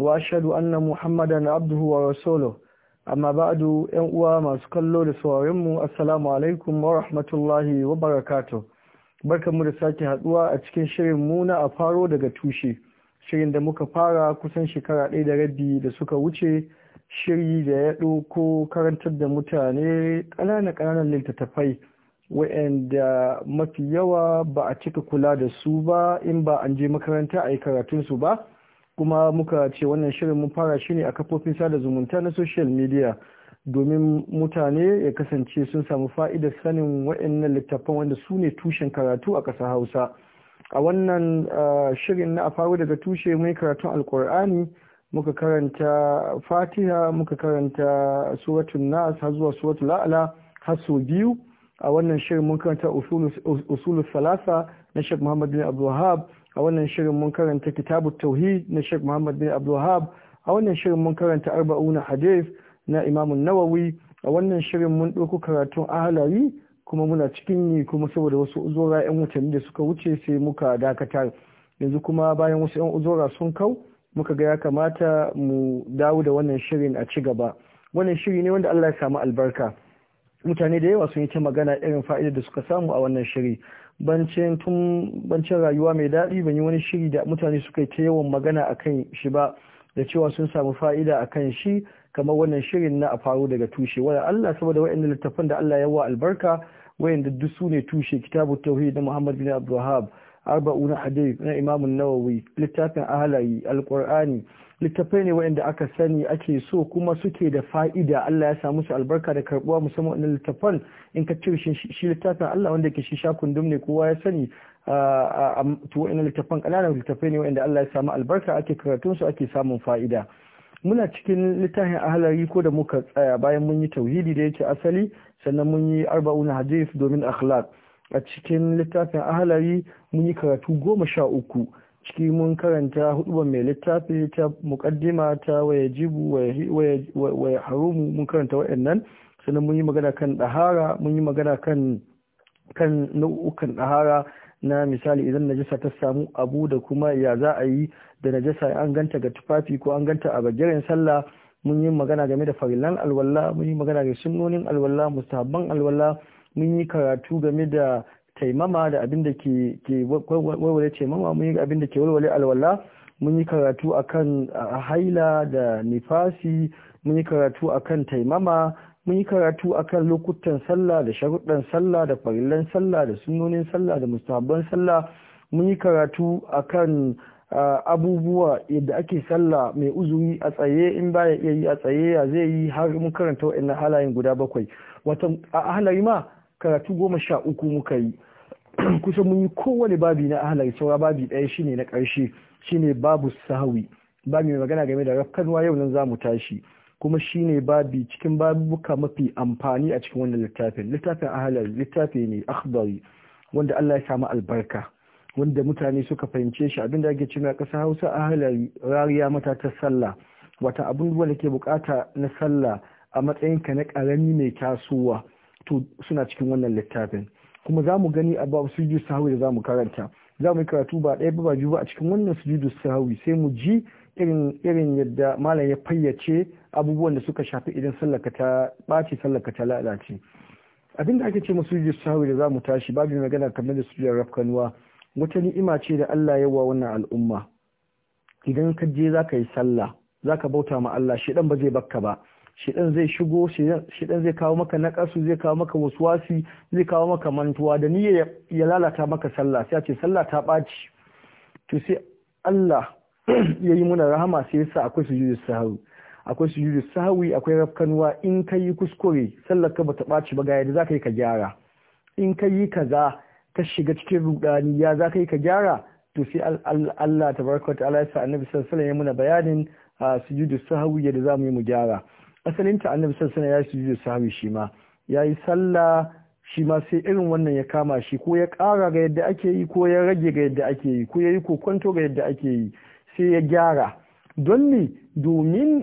وأشهد أن محمدا عبده ورسوله 'yan بعد masu kallo da سكالو mu السلام alaikum wa rahmatullahi wa barka mu da sake haduwa a cikin shirin mu na a faro daga tushe shirin da muka fara kusan shekara ɗaya da rabi da suka wuce shiri da ya ko karantar da mutane ƙananan ƙananan littattafai wa'anda mafi yawa ba a cika kula da su ba in ba an je makaranta a yi karatunsu ba kuma muka ce wannan shirin mun fara shi ne a kafofin sada zumunta na social media domin mutane ya kasance sun samu fa'idar sanin waɗannan littattafan wanda su ne tushen karatu a ƙasar hausa a wannan shirin na a faru daga tushe mai karatun alkur'ani muka karanta fatiha muka karanta suratun nas har zuwa suratul la'ala har sau biyu a wannan shirin mun karanta usulu salasa na shek muhammadu bin abdulwahab a wannan shirin mun karanta kitabu tauhid na Sheikh Muhammad bin Abdul Wahab a wannan shirin mun karanta arba'una hadith na Imam Nawawi a wannan shirin mun ɗauko karatun ahalari kuma muna cikin yi kuma saboda wasu uzura 'yan watanni da suka wuce sai muka dakatar yanzu kuma bayan wasu 'yan uzura sun kau muka ga ya kamata mu dawo da wannan shirin a ci gaba wannan shiri ne wanda Allah ya samu albarka mutane da yawa sun yi ta magana irin fa'idar da suka samu a wannan shiri bancin tun rayuwa mai daɗi ban yi wani shiri da mutane suka yi ta yawan magana a kan shi ba da cewa sun samu fa'ida a kan shi kamar wannan shirin na a faru daga tushe wadda Allah saboda wa'annan littafin da Allah ya wa albarka wayanda duk su ne tushe kitabu tauhid na Muhammad bin Abdul Wahhab arba'una hadith na Imam an-Nawawi littafin ahlayi alqur'ani littafai ne waɗanda aka sani ake so kuma suke da fa'ida Allah ya samu su albarka da karbuwa musamman wannan littafan in ka cire shi littafin Allah wanda ke shi sha kundum ne kowa ya sani a to waɗannan littafan ƙananan littafai ne waɗanda Allah ya samu albarka ake karatun su ake samun fa'ida muna cikin littafin halari ko da muka tsaya bayan mun yi tauhidi da yake asali sannan mun yi arba'una hadith domin akhlaq a cikin littafin halari mun yi karatu goma sha uku ciki mun karanta huduban mai littafi ta mukaddima ta waya jibu waya harumu mun karanta waɗannan sannan mun yi magana kan ɗahara mun yi magana kan kan nau'ukan ɗahara na misali idan najasa ta samu abu da kuma ya za a yi da najasa an ganta ga tufafi ko an ganta a bagiren sallah mun yi magana game da farilan alwala mun yi magana ga sunnonin alwala mustahabban alwala mun yi karatu game da taimama da abin da ke warware taimama mun yi abin da ke warware alwala mun yi karatu akan haila da nifasi mun yi karatu akan taimama mun yi karatu akan lokutan sallah da sharuɗan sallah da farillan sallah da sunonin sallah da mustahabban sallah mun yi karatu akan abubuwa yadda ake sallah mai uzuri a tsaye in baya iya yi a tsaye ya zai yi har mun karanta wa'annan halayen guda bakwai watan a halari ma karatu goma sha uku muka yi kusa mun yi kowane babi na ahalar saura babi ɗaya shine na ƙarshe shine babu sahawi babi mai magana game da rafkanwa yau nan mu tashi kuma shine babi cikin babuka mafi amfani a cikin wannan littafin littafin ahalar littafi ne akhbari wanda Allah ya samu albarka wanda mutane suka fahimce shi abinda ake cewa ƙasar Hausa ahalar rariya mata ta sallah wata abin da ke bukata na sallah a matsayinka na ƙarami mai tasowa to suna cikin wannan littafin kuma za mu gani a babu sujudu sahawi da za mu karanta za mu yi karatu ba ɗaya ba biyu ba a cikin wannan sujudu sahawi sai mu ji irin irin yadda malam ya fayyace abubuwan da suka shafi idan sallaka ta ɓaci sallaka ta lalace abinda ake ce masu sujudu sahawi da za mu tashi babu magana kamar da sujudu rafkanuwa wata ni'ima ce da Allah ya wa wannan al'umma idan ka je za ka yi sallah za ka bauta ma Allah shi dan ba zai bakka ba Shidan zai shigo shidan zai kawo maka nakasu zai kawo maka waswasi zai kawo maka mantuwa da niyya ya lalata maka sallah sai a ce sallah ta ɓaci to sai Allah ya yi muna rahama sai yasa akwai sujudu sahwi akwai sujudu sahwi akwai rafkanuwa in ka yi kuskure sallar ka bata ɓaci ba ga yadda za ka yi ka gyara in ka yi kaza ka shiga cikin rudani ya za ka yi ka gyara to sai Allah tabaraka wa ta'ala ya sa annabi sallallahu alaihi wasallam ya muna bayanin ah, sujudu sahwi yadda za mu yi mu gyara asalinta annabi sallallahu alaihi wasallam ya sujudu sahwi shi ma yayi sallah shi ma sai irin wannan ya kama shi ko ya kara ga yadda ake yi ko ya rage ga yadda ake yi ko ya yi kokonto ga yadda ake yi sai ya gyara don ne domin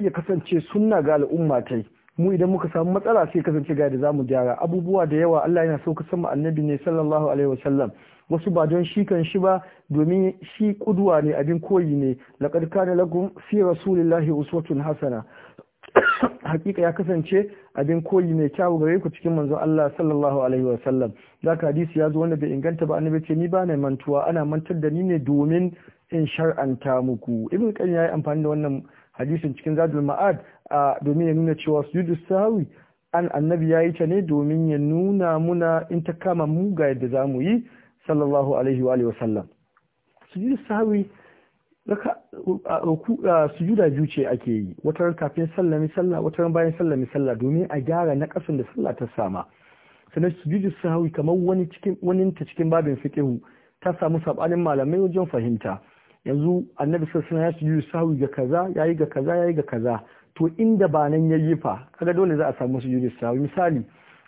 ya kasance sunna ga al'umma ta mu idan muka samu matsala sai kasance ga yadda za mu gyara abubuwa da yawa Allah yana so ka sama annabi ne sallallahu alaihi wasallam wasu ba don shi kan shi ba domin shi kuduwa ne abin koyi ne laqad kana lakum fi rasulillahi uswatun hasana hakika ya kasance abin koyi mai kyawu gare ku cikin manzon Allah sallallahu alaihi wa sallam zaka hadisi ya zo wanda bai inganta ba annabi ce ni ba na mantuwa ana mantar da ni ne domin in shar'anta muku ibn qayyim yi amfani da wannan hadisin cikin zadul ma'ad domin ya nuna cewa sujudu sahwi an annabi yayi ta ne domin ya nuna muna in ta kama mu ga yadda zamu yi sallallahu alaihi wa sallam sujudu sahwi sujuda biyu ce ake yi wata kafin mai sallah wata bayan mai sallah domin a gyara na kasan da sallah ta sama sannan sujudu sahawi kamar wani cikin wani ta cikin babin fiqhu ta samu sabanin malamai wajen fahimta yanzu annabi sallallahu alaihi wasallam ya sujudu sahawi ga kaza yayi ga kaza yayi ga kaza to inda ba nan ya yi fa kaga dole za a samu sujudu sahawi misali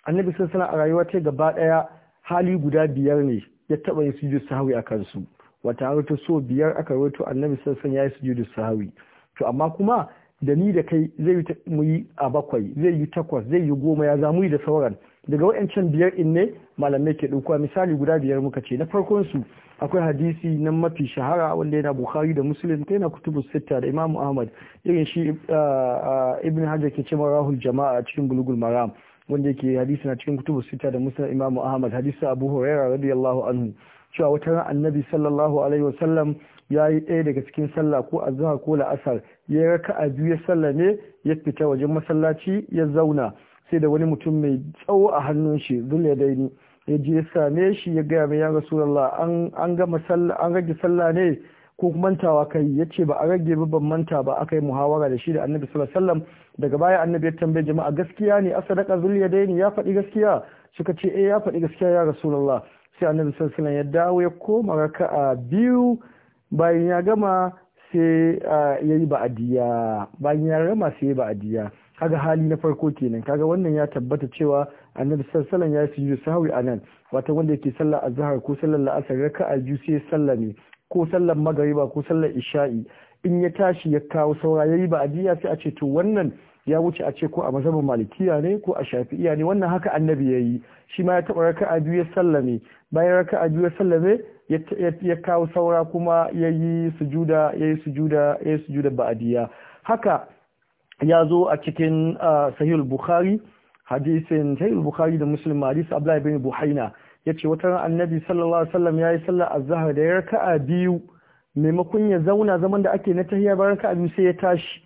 annabi sallallahu alaihi wasallam a rayuwa ta gaba daya hali guda biyar ne ya taba yin sujudu sahawi a kansu wata ta so biyar aka rawaito annabi sassan ya yi sujudu sahawi to amma kuma da ni da kai zai mu yi a bakwai zai yi takwas zai yi goma ya zamu yi da sauran daga wayancan biyar in ne malamai ke ɗaukuwa misali guda biyar muka ce na farkon su akwai hadisi na mafi shahara wanda yana bukhari da muslim ta yana kutubu sita da imamu ahmad irin shi ah, ah, ibn hajar ke ce rahul jama'a cikin bulugul maram wanda yake hadisi na cikin kutubu sita da muslim imamu ahmad hadisi abu huraira radiyallahu anhu cewa wata ran annabi sallallahu alaihi wasallam ya yi ɗaya daga cikin sallah ko a azhar ko la'asar ya yi raka a biyu ya sallame ya fita wajen masallaci ya zauna sai da wani mutum mai tsawo a hannun shi zulle daini ya je ya same shi ya gaya mai ya rasulullah an an gama sallah an rage sallah ne ko mantawa kai ya ce ba a rage ba ban manta ba aka yi muhawara da shi da annabi sallallahu alaihi wasallam daga baya annabi ya tambaye jama'a gaskiya ne asadaka zulle daini ya faɗi gaskiya suka ce eh ya faɗi gaskiya ya rasulullah sai annabi sallallahu ya dawo ya koma raka'a biyu bayan ya gama sai ya yi ba'adiyya bayan ya gama sai ya yi ba'adiyya kaga hali na farko kenan kaga wannan ya tabbata cewa annabi sallallahu alaihi ya sujudu a nan wata wanda yake sallar azhar ko sallar la'asar a biyu sai sallame ko sallar magariba ko sallar isha'i in ya tashi ya kawo saura ya yi ba'adiyya sai a ce to wannan ya wuce a ce ko a mazhabin malikiya ne ko a shafi'iya ne wannan haka annabi ya yi shi ma ya taɓa raka'a biyu ya sallame bayan raka biyu ya sallame ya kawo saura kuma ya yi sujuda ya yi sujuda ya yi sujuda ba'adiyya haka ya zo a cikin sahih bukhari hadisin sahih bukhari da muslim hadis abdullahi bin buhaina yace wata ran annabi sallallahu alaihi wasallam yayi sallar azhar da raka'a biyu maimakon ya zauna zaman da ake na tahiyya bayan raka'a biyu sai ya tashi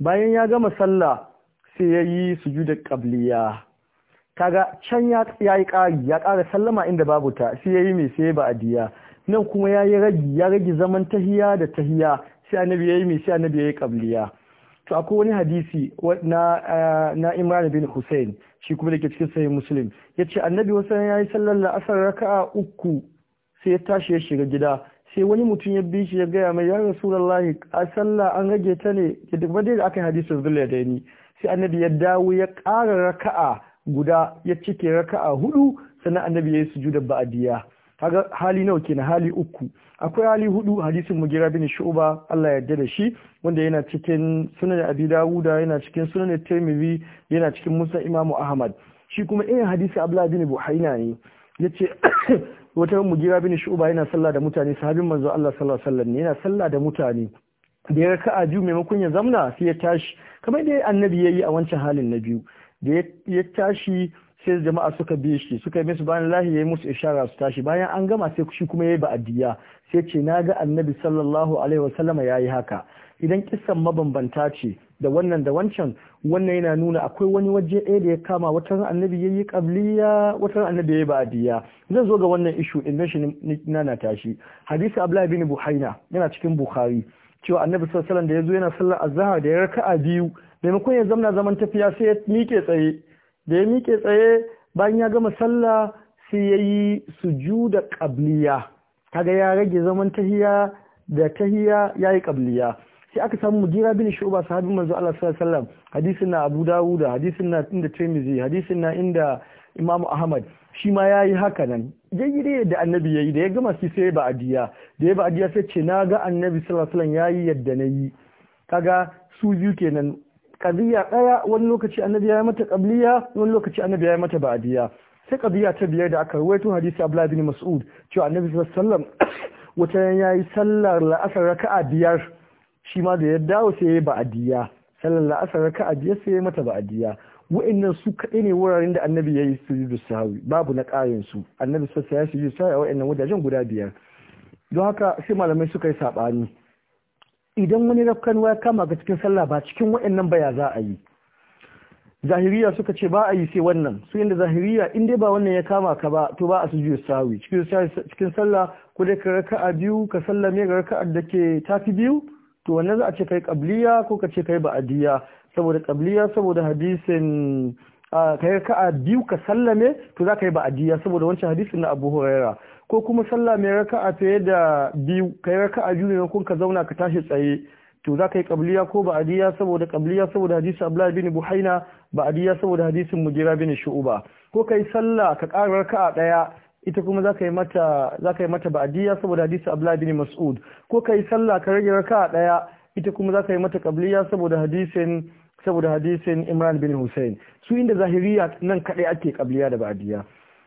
bayan ya gama sallah sai yayi yi sujudar qabliya kaga can ya yi ƙari ya kara sallama inda babu ta sai ya yi mai sai ba adiya nan kuma ya yi ragi ya ragi zaman tahiya da tahiya sai annabi ya yi mai sai annabi ya yi ƙabliya to akwai wani hadisi na eh, na Imran bin Hussein shi kuma dake cikin sahih ya ce annabi wasu ya yi sallar la'asar raka'a uku sai ya tashi ya shiga gida sai wani mutum ya bi ya gaya mai ya rasulullahi a sallah an rage ta ne ya duk da aka yi hadisin zulla da ni sai annabi ya dawo ya ƙara raka'a guda ya cike raka'a hudu sannan annabi yayi sujudar ba'diya kaga hali nawa kenan hali uku akwai hali hudu hadisin mugira bin shu'ba Allah yarda da shi wanda yana cikin sunan abi dawuda yana cikin sunan tirmidhi yana cikin musa imamu ahmad shi kuma irin hadisi abla bin buhaina ne yace wata mugira bin shu'ba yana sallah da mutane sahabin manzo Allah sallallahu alaihi wasallam ne yana sallah da mutane da ya raka'a biyu maimakon ya zamna sai ya tashi kamar da annabi ya yi a wancan halin na biyu da ya tashi sai jama'a suka bi shi suka yi musu bayan lahi ya yi musu ishara su tashi bayan an gama sai shi kuma ya yi ba'adiyya sai ce na ga annabi sallallahu alaihi wasallam ya yi haka idan kisan mabambanta ce da wannan da wancan wannan yana nuna akwai wani waje ɗaya da ya kama wata annabi ya yi ƙabliya wata annabi ya yi ba'adiyya zan zo ga wannan ishu in shi na tashi hadisi abdullahi bin buhaina yana cikin bukhari cewa annabi sallallahu alaihi wasallam da ya zo yana sallar azhar da ya raka'a biyu maimakon ya zamna zaman tafiya sai ya miƙe tsaye da ya miƙe tsaye bayan ya gama sallah sai ya yi da ƙabliya kaga ya rage zaman tahiya da tahiya ya yi ƙabliya sai aka samu mujira bin shuba sahabin manzo Allah sallallahu alaihi wasallam hadisin na Abu Dawud hadisin na inda Tirmidhi hadisin na inda Imam Ahmad shi ma yi haka nan yayi da annabi yayi da ya gama shi sai ba adiya da ya ba adiya sai ce na ga annabi sallallahu alaihi wasallam yayi yadda nayi kaga su biyu kenan qadiya daya wani lokaci annabi ya mata qabliya wani lokaci annabi ya mata ba'diya sai qadiya ta biyar da aka rawaito hadisi Abdullah bin Mas'ud cewa annabi sallallahu alaihi wasallam yayi sallar la'asar raka'a biyar shi ma da ya dawo sai ya ba'diya sallar la'asar raka'a biyar sai ya mata ba'diya wa'annan su kaɗai ne wuraren da annabi ya yi sujudu sahawi babu na ƙarin su annabi sassa ya sujudu sahawi a wa'annan wajajen guda biyar don haka sai malamai suka yi saɓani idan wani rafkanuwa ya kama ga cikin sallah ba cikin waɗannan baya za a yi zahiriya suka ce ba a yi sai wannan su inda zahiriya in dai ba wannan ya kama ka ba to ba a sujudu sawi cikin sallah ko dai ka raka'a biyu ka sallame ga raka'ar da ke tafi biyu to wannan za a ce kai qabliya ko ka ce kai ba'diya saboda qabliya saboda hadisin kai raka'a biyu ka sallame to za ka yi ba'diya saboda wancan hadisin na Abu Huraira ko kuma sallah mai raka'a fiye da biyu kai raka'a biyu maimakon ka zauna ka tashi tsaye to za ka yi qabliya ko ba'diya saboda qabliya saboda hadisi Abdullah bin Buhaina ba'diya saboda hadisin Mujira bin Shu'ba ko kai sallah ka ƙara raka'a ɗaya ita kuma za ka yi mata za ka yi mata ba'diya saboda hadisi Abdullah bin Mas'ud ko kai sallah ka rage raka'a ɗaya ita kuma za ka yi mata qabliya saboda hadisin saboda hadisin Imran bin Hussein su inda zahiriya nan kadai ake qabliya da ba'adiyya.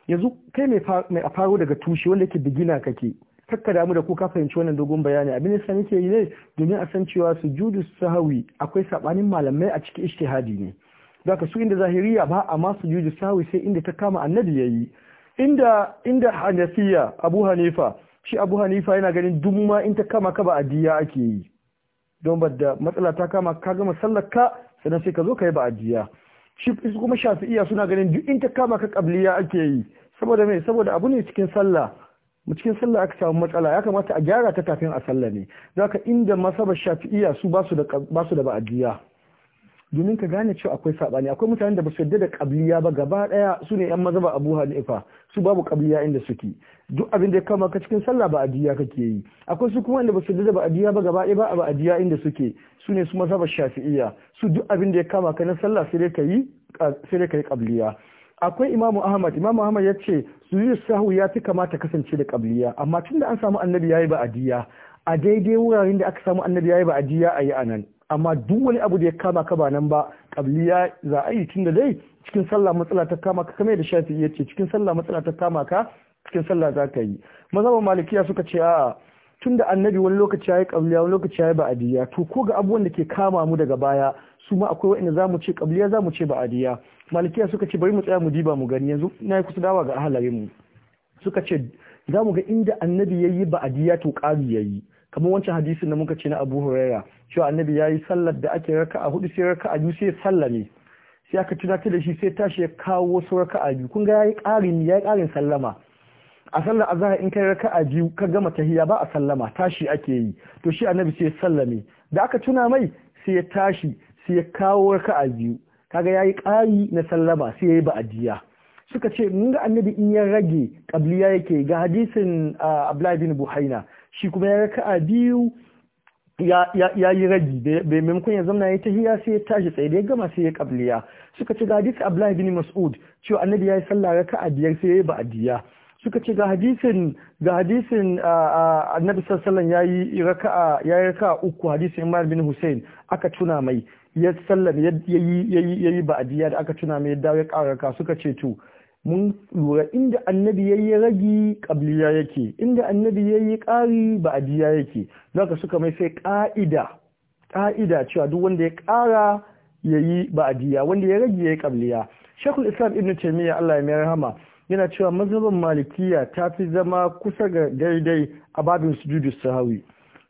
yanzu kai mai a faro daga tushe wanda ke bigina kake kakka damu da ku ka fahimci wannan dogon bayani abin da sani ke yi ne domin a san cewa su judu sahawi akwai sabanin malamai a cikin hadi ne zaka su inda zahiriya ba amma judu sahawi sai inda ta kama annabi yayi inda inda hanafiya abu hanifa shi abu hanifa yana ganin duk in ta kama ka ba adiya ake yi don ba da matsala ta kama ka gama sallar ka sannan sai ka zo ka yi ba adiya shi kuma shafi'iya suna ganin duk in ta kama ka kabliya ake yi saboda mai saboda abu ne cikin sallah cikin sallah aka samu matsala ya kamata a gyara ta kafin a sallah ne zaka inda masaba shafi'iya su basu da su da ba'adiyya domin ka gane cewa akwai saɓani akwai mutanen da ba su yarda da kabliya ba gaba ɗaya su ne 'yan ba abu hanifa su babu kabliya inda suke duk abin da ya kama ka cikin sallah ba adiya kake yi akwai su kuma wanda ba su yarda da ba adiya ba gaba ɗaya ba a ba adiya inda suke su ne su maza ba shafi'iyya su duk abin da ya kama ka na sallah sai dai ka yi sai dai ka yi akwai imamu ahmad imamu ahmad ya ce sujud sahu ya fi kamata kasance da kabliya amma tun da an samu annabi yayi ba adiya a daidai wuraren da aka samu annabi yi ba adiya a yi anan amma duk wani abu da ya kama ka ba nan ba kabiliya za a yi tunda dai cikin sallah matsala ta kama ka kamar da ya ce cikin sallah matsala ta kama ka cikin sallah za ka yi mazhaban malikiya suka ce a'a tun da annabi wani lokaci ya yi kabiliya wani lokaci ya yi ba'adiyya to ko ga abubuwan da ke kama mu daga baya su ma akwai wa'inda za mu ce ƙabliya za mu ce ba'adiyya malikiya suka ce bari mu tsaya mu diba mu gani yanzu na yi kusa dawa ga ahalarin mu suka ce za mu ga inda annabi ya yi ba'adiyya to ƙari ya yi kamar wancan hadisin da muka ce na Abu Huraira cewa annabi yayi sallar da ake raka'a hudu sai raka'a biyu sai sallame sai aka ta da shi sai tashi ya kawo wasu raka'a biyu kun ga yayi ƙarin yayi ƙarin sallama a sallar azhar in kai raka'a biyu ka gama tahiyya ba a sallama tashi ake yi to shi annabi sai sallame da aka tuna mai sai ya tashi sai ya kawo raka'a biyu kaga yayi ƙari na sallama sai yayi ba'diya suka ce mun ga annabi in ya rage qabliya yake ga hadisin ah, Abdullahi bin Buhaina shi kuma ya raka'a biyu ya yi ragi bai maimakon ya zama ya tahiya sai ya tashi tsaye da ya gama sai ya kabliya suka ce ga hadisi Abdullahi bin Mas'ud cewa annabi ya yi sallah raka'a biyar sai ya yi ba'adiyya. suka ce ga hadisin ga hadisin annabi sallallahu alaihi yayi raka'a yi raka'a uku hadisin Imran bin Hussein aka tuna mai ya sallar ya yi ba'adiyya da aka tuna mai ya dawo ya ƙara suka ce to mun lura inda annabi ya yi ragi ƙabliya yake inda annabi ya yi ƙari ba'adiyya yake za ka suka mai sai ƙa'ida ƙa'ida cewa duk wanda ya ƙara ya yi ba'adiyya wanda ya ragi ya yi ƙabliya shekul islam ibn taimiyya allah ya mai rahama yana cewa mazhabin malikiya ta fi zama kusa ga daidai a babin sujudu sahawi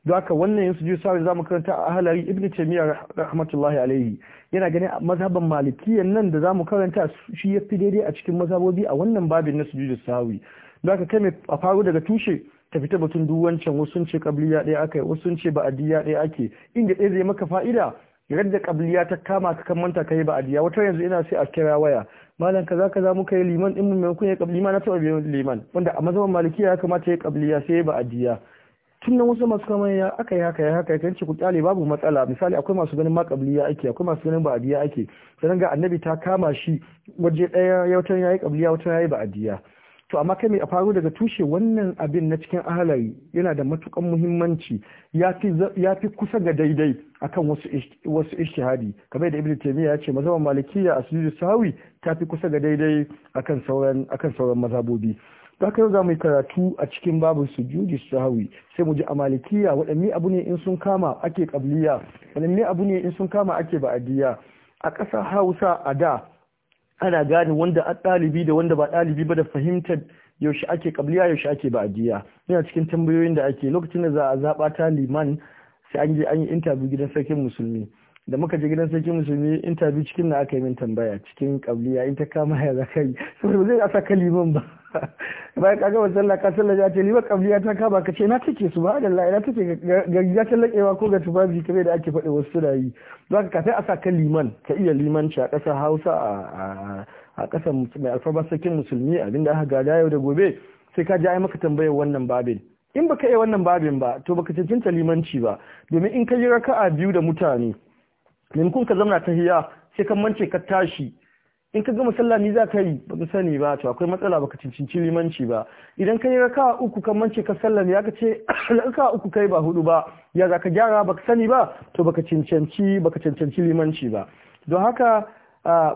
don haka wannan yin sujud sahwi zamu karanta a halari ibnu taymiya rahmatullahi alaihi yana ganin mazhaban malikiyyan nan da zamu karanta shi yafi daidai a cikin mazhabobi a wannan babin na sujud sahwi don haka kai a faru daga tushe ta fita batun duk wancan wasu sun ce qabliya ɗaya aka yi wasu sun ce ba'adiyya ɗaya ake inda ɗaya zai maka fa'ida yadda qabliya ta kama ka kan manta kai ba'adiyya wata yanzu ina sai a kira waya malam kaza kaza muka yi liman in mu kun ya qabliya na taɓa liman wanda a mazhaban malikiya ya kamata ya qabliya sai ba'adiyya tun wasu masu kama ya aka yi haka ya haka ya ce ku kyale babu matsala misali akwai masu ganin makabliya ake akwai masu ganin ba'adiya ake sannan ga annabi ta kama shi waje ɗaya ya wata yayi kabliya wata yayi ba'adiya to amma kai mai a faru daga tushe wannan abin na cikin ahalari yana da matukan muhimmanci ya fi kusa ga daidai akan wasu wasu ishtihadi kamar da ibnu taymiya ya ce mazhaban malikiya a sujudu sahawi ta fi kusa ga daidai akan sauran akan sauran da kai za mu yi karatu a cikin babu sujudi sahawi sai mu ji a malikiya waɗanne abu ne in sun kama ake kabliya waɗanne abu ne in sun kama ake ba'adiyya a ƙasa hausa a da ana gane wanda a ɗalibi da wanda ba ɗalibi ba da fahimtar yaushe ake kabliya yaushe ake ba'adiyya yana cikin tambayoyin da ake lokacin da za a zaɓa ta liman sai an je an yi intabi gidan sarkin musulmi da muka je gidan sarkin musulmi intabi cikin na aka yi min tambaya cikin kabliya in ta kama ya za ka yi saboda ba zai asa kaliman ba bayan ka gama sallah ka sallah ya ce ni ba kabliya ta kama ka ce na take su ba da Allah ina take ga ta lakewa ko ga tubabi kame da ake faɗi wasu suna yi za ka kafin a sa ka liman ka iya limanci a ƙasar Hausa a ƙasar mai alfabar sakin musulmi abinda aka gada yau da gobe sai ka ji ai maka tambayar wannan babin in baka iya wannan babin ba to baka cancanta limanci ba domin in ka yi raka'a biyu da mutane kun ka zamna ta hiya sai ka mance ka tashi in ka gama sallah ni za ka yi ba ka sani ba to akwai matsala ba ka cincinci limanci ba idan ka yi raka uku kan mance ka sallah ya ka ce raka uku kai ba hudu ba ya za ka gyara ba ka sani ba to baka cincinci ka cincinci limanci ba don haka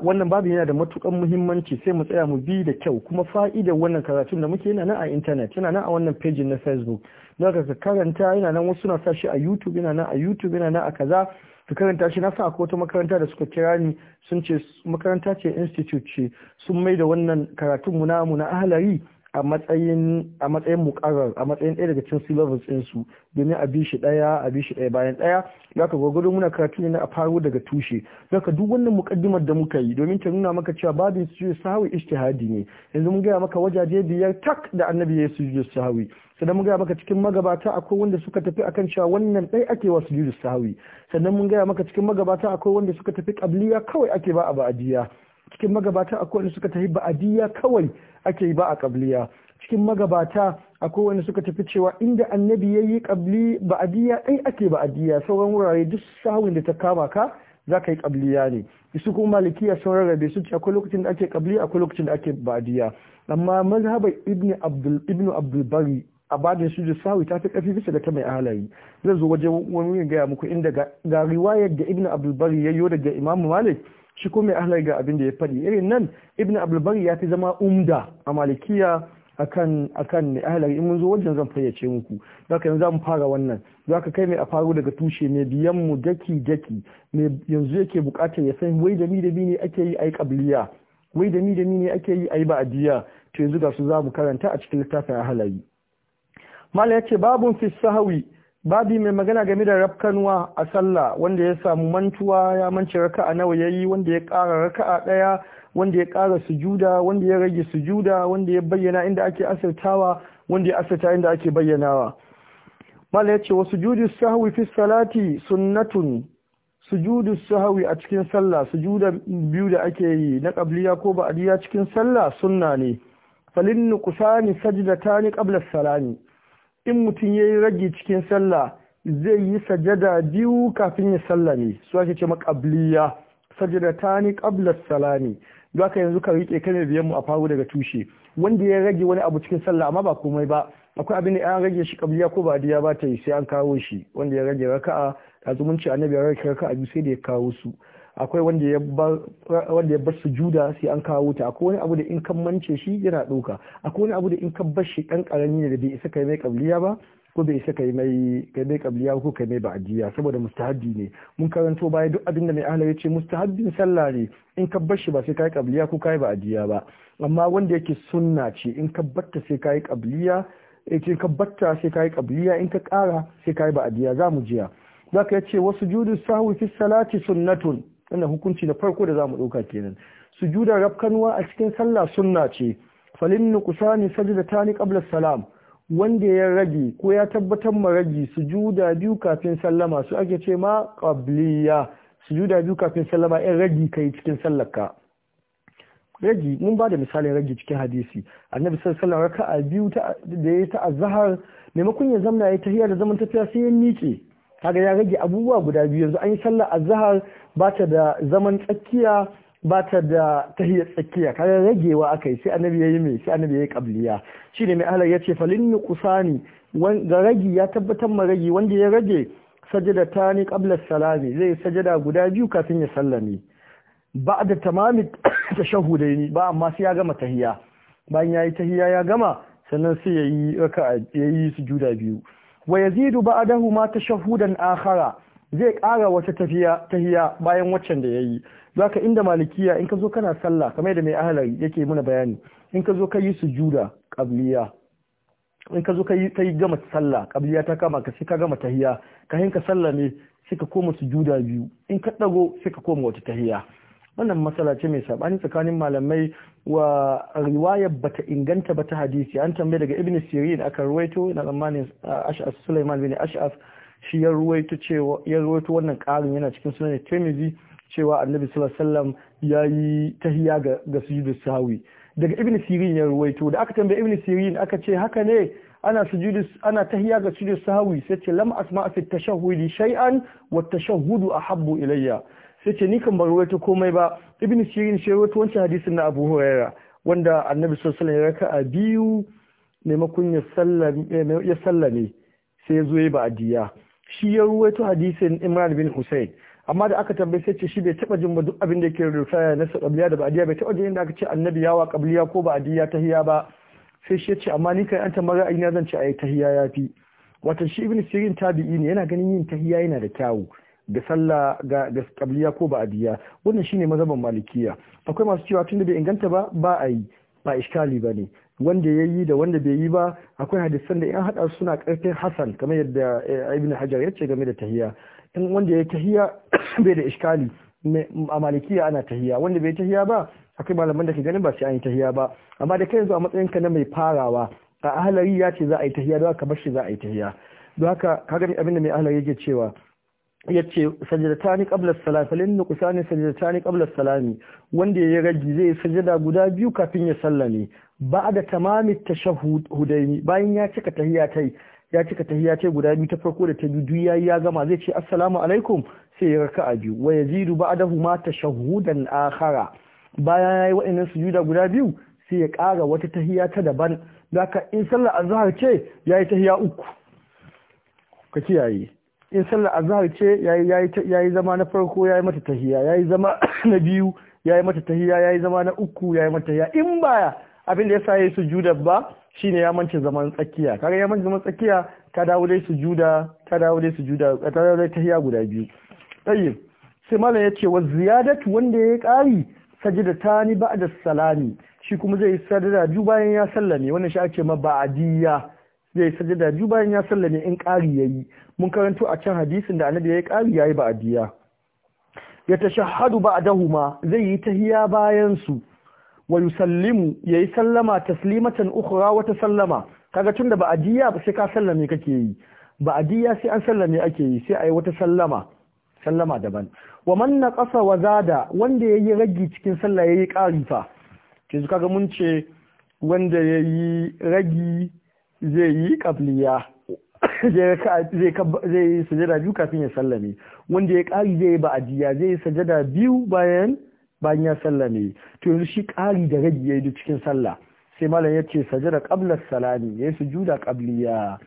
wannan babu yana da matukan muhimmanci sai mu tsaya mu bi da kyau kuma fa'ida wannan karatun da muke yana nan a intanet yana nan a wannan page na facebook don haka ka karanta yana nan wasu na sa a youtube yana nan a youtube yana nan a kaza su karanta shi na sa ko wata makaranta da suka kira ni sun ce makaranta ce institute ce sun mai da wannan karatun mu na ahalari a matsayin a matsayin a matsayin ɗaya daga cikin syllables ɗin su domin a bi shi ɗaya a bi shi ɗaya bayan ɗaya za ka gwagwado muna karatu ne a faro daga tushe za ka duk wannan muƙaddimar da muka yi domin ta nuna maka cewa babin su ya sahawi ijtihadi ne yanzu mun gaya maka wajaje biyar tak da annabi ya ya sahawi sannan mun gaya maka cikin magabata akwai wanda suka tafi akan cewa wannan ɗai ake wasu sujud sahawi sannan mun gaya maka cikin magabata akwai wanda suka tafi ƙabliya kawai ake ba a ba'adiyya. cikin magabata akwai wanda suka tafi ba'adiyya kawai ake yi ba a kabliya cikin magabata akwai wanda suka tafi cewa inda annabi ya yi kabli ba'adiyya ɗai ake ba'adiyya sauran wurare duk sahun da ta kama ka za ka yi kabliya ne Isu kuma malikiya sauran rabe su ce akwai lokacin da ake kabliya akwai lokacin da ake badiya amma mazhabar ibnu abdulbari a badin su sawi ta fi ƙarfi bisa da ta mai halayi Zan zo wajen wani gaya muku inda ga riwayar da ibnu abdulbari ya yi daga imamu malik shi kuma ahlar ga abin da ya faɗi irin nan ibn abulbari ya fi zama umda a malikiya akan akan ahlar in mun zo wajen zan fayyace muku zaka yanzu zamu fara wannan zaka kai mai a faru daga tushe mai biyan mu daki daki mai yanzu yake bukatar ya san wai da ni da ne ake yi ai qabliya wai da ni da ne ake yi ai ba'diya to yanzu ga su zamu karanta a cikin littafin ahlari mala yace babun fi sahawi babi mai magana game da rafkanuwa a sallah wanda ya samu mantuwa ya raka raka'a nawa yayi wanda ya ƙara raka'a ɗaya wanda ya ƙara sujuda wanda ya rage sujuda wanda ya bayyana inda ake asirtawa wanda ya asirta inda ake bayyanawa mala ya ce wa sujudu sahwi fi salati sunnatun sujudu sahwi a cikin sallah sujuda biyu da ake yi na qabliya ko ba'diya cikin sallah sunna ne falin nuqsani sajdatani qabla salami in mutum ya yi rage cikin sallah zai yi sajada biyu kafin ya sallah ne su ake ce makabliya sajada ta ni ƙablar salami don ka yanzu ka riƙe kai biyan mu a faru daga tushe wanda ya rage wani abu cikin sallah amma ba komai ba akwai abin da an rage shi kabliya ko ba diya ba ta yi sai an kawo shi wanda ya rage raka'a zumunci annabi ya rage raka'a biyu sai da ya kawo su akwai wanda ya bar juda sai an kawo ta akwai wani abu da in kan mance shi yana ɗauka akwai wani abu da in kan bar shi ɗan ƙarami ne da bai isa kai mai ƙabliya ba ko bai isa kai mai kai mai ƙabliya ko kai mai ba'adiyya saboda mustahabbi ne mun karanto baya duk abin da mai ahla ya ce mustahabbin sallah ne in ka bar shi ba sai kai ƙabliya ko kai ba'adiyya ba amma wanda yake sunna ce in ka ta sai kai ƙabliya eh, in ka batta sai kai ƙabliya in ka ƙara sai kai ba'adiyya za mu jiya zaka yace wasu judu sahwi fi salati sunnatun wannan hukunci na farko da zamu dauka kenan sujuda rafkanwa a cikin sallah sunna ce falin nuqsani sajdatani qabla salam wanda ya rage ko ya tabbatar ma rage sujuda biyu kafin sallama su ake ce ma qabliya sujuda biyu kafin sallama in rage kai cikin sallarka rage mun ba da misalin rage cikin hadisi annabi sallallahu alaihi wasallam raka'a biyu da ya ta azhar maimakon ya zamna ya tahiyya da zaman tafiya sai ya miƙe kaga ya rage abubuwa guda biyu yanzu an yi sallar azhar ba ta da zaman tsakiya ba ta da tahiyar tsakiya kaga ragewa akai sai annabi yayi mai sai annabi yayi qabliya shine mai ahlar yace falin nuqsani ga ragi ya tabbatar ma ragi wanda ya rage sajada ta ni qabla salami zai sajada guda biyu kafin ya sallame ba da tamami tashahudaini ba amma sai ya gama tahiya bayan yayi tahiya ya gama sannan sai yayi raka'a yayi sujuda biyu wa yazidu ba'dahu ma tashahudan akhara zai ƙara wata tafiya tahiya bayan waccan da yayi zaka inda malikiya in ka zo kana sallah kamar da mai ahlari yake muna bayani in ka zo ka yi sujuda qabliya in ka zo ka kai gama sallah qabliya ta kama ka sai ka gama tahiya ka hinka sallah ne sai ka koma sujuda biyu in ka dago sai ka koma wata tahiya wannan matsala ce mai sabani tsakanin malamai wa riwayar bata inganta ba ta hadisi an tambaye daga ibn sirin aka ruwaito na tsammanin uh, ash'as sulaiman bin ash'as shi ya ruwaito cewa ya ruwaito wannan karin yana cikin sunan tirmidhi cewa annabi sallallahu alaihi wasallam yayi tahiyya ga ga sujudu sahwi daga ibn sirin ya ruwaito da aka tambaye ibn sirin aka ce haka ne ana sujudu ana tahiyya ga sujudu sahwi sai ce lam asma fi tashahhudi shay'an wa tashahhudu ahabbu ilayya sai ce ni kan ba rawaito komai ba ibn sirin shi rawaito wancan hadisin na abu huraira wanda annabi sallallahu ya raka a biyu maimakon ya sallame ya sallame sai ya zo ya ba'diya shi ya rawaito hadisin imran bin husayn amma da aka tambaye sai ce shi bai taba jin duk abin da yake rufaya na sa qabliya da ba'diya bai taba jin inda aka ce annabi yawa qabliya ko ba'diya tahiya ba sai shi ya ce amma ni kai an tambara ai na zan ce ai tahiya yafi wato shi ibn sirin tabi'i ne yana ganin yin tahiya yana da kyawu da sallah ga da qabliya ko ba'adiyya. wannan shine mazhaban malikiya akwai masu cewa tunda bai inganta ba ba a yi ba iskali bane wanda ya yi da wanda bai yi ba akwai hadisan da in hada suna karfin hasan kamar yadda eh, ibn hajar ya ce game da tahiya in wanda ya tahiya bai da iskali a malikiya ana tahiya wanda bai tahiya ba akwai malaman da ke ganin ba sai an yi tahiya ba amma da kai yanzu a matsayin ka na mai farawa a ahalari ya ce za a yi tahiya don bar shi za a yi tahiya don haka kaga abin da mai ahalari yake cewa yace sajdatani qabla as-salam falin nuqsani sajdatani qabla salami wanda ya ragi zai sajida guda biyu kafin ya sallame ba'da tamami tashahhud hudaini bayan ya cika tahiyatai ya cika tahiyatai guda biyu ta farko da ta biyu duk yayi ya gama zai ce assalamu alaikum sai ya raka a biyu wa yazidu ba'dahu ma tashahudan akhara bayan yayi wa'annan sujuda guda biyu sai ya kara wata tahiya ta daban haka in sallar azhar ce yayi tahiya uku ka kiyaye in sallar azhar ce yayi zama na farko yayi mata tahiya yayi zama na biyu yayi mata tahiya yayi zama na uku yayi mata tahiya in baya abin da yasa yayi sujuda ba shine ya mance zaman tsakiya kaga ya mance zaman tsakiya ta dawo dai sujuda ta dawo dai sujuda ta dawo dai tahiya guda biyu tayyib sai malam yace wa ziyadatu wanda yayi kari sajida tani ba'da salami shi kuma zai yi sadada biyu bayan ya sallame wannan shi ake ma ba'adiyya. zai sajada biyu bayan ya sallame in ƙari yi mun karanto a can hadisin da annabi yi ƙari yi ba adiya ya tashahhadu ba'dahuma zai yi tahiya bayan su wa yusallimu yi sallama taslimatan ukhra wata sallama kaga tunda ba adiya ba sai ka sallame kake yi ba adiya sai an sallame ake yi sai a yi wata sallama sallama daban wa man naqasa wa zada wanda yayi ragi cikin sallah yayi ƙari fa yanzu kaga mun ce wanda yayi ragi zai yi kabliya zai yi sajada biyu kafin ya sallame wanda ya ƙari zai yi ba'adiyya zai yi sajada biyu bayan bayan ya sallame to yanzu shi ƙari da rage ya yi cikin sallah sai malam ya ce sajada qabla salami ya yi sujuda qabliya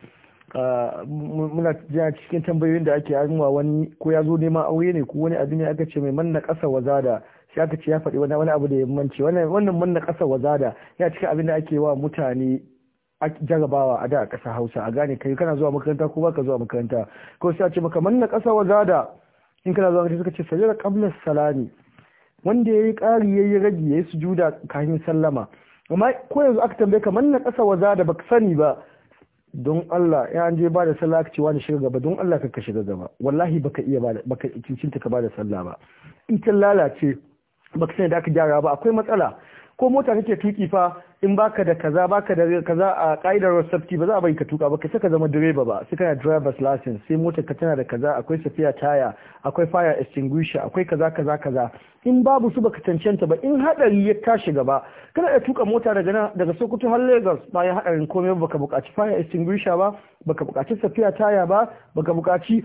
muna jira cikin tambayoyin da ake yarwa wani ko ya zo neman aure ne ko wani abu ne aka ce mai manna ƙasa wazada sai aka ce ya faɗi wani abu da ya manci wannan manna ƙasa wazada ya cikin abin da ake wa mutane jarabawa a da a ƙasa hausa a gane kai kana zuwa makaranta ko baka zuwa makaranta ko sai a ce maka manna ƙasa wa zada in kana zuwa makaranta suka ce sajada qabla salami wanda yayi ƙari yayi rage yayi sujuda kafin sallama amma ko yanzu aka tambaye ka manna ƙasa wa zada baka sani ba don Allah ya an je ba da sallah ka ce wani shiga gaba don Allah ka shiga gaba wallahi baka iya baka cincinta ka ba da sallah ba in ta lalace baka sani da aka gyara ba akwai matsala ko mota kake tuki fa in baka da kaza baka da kaza a ka'idar safety ba za a bari ka tuka ba ka saka zama direba ba sai kana driver's license sai motar ka tana da kaza akwai safiya taya akwai fire extinguisher akwai kaza kaza kaza in babu su baka cancanta ba in hadari ya tashi gaba kana da tuka mota daga nan daga Sokoto har Lagos ba ya hadarin komai baka buƙaci fire extinguisher ba baka buƙaci safiya taya ba baka buƙaci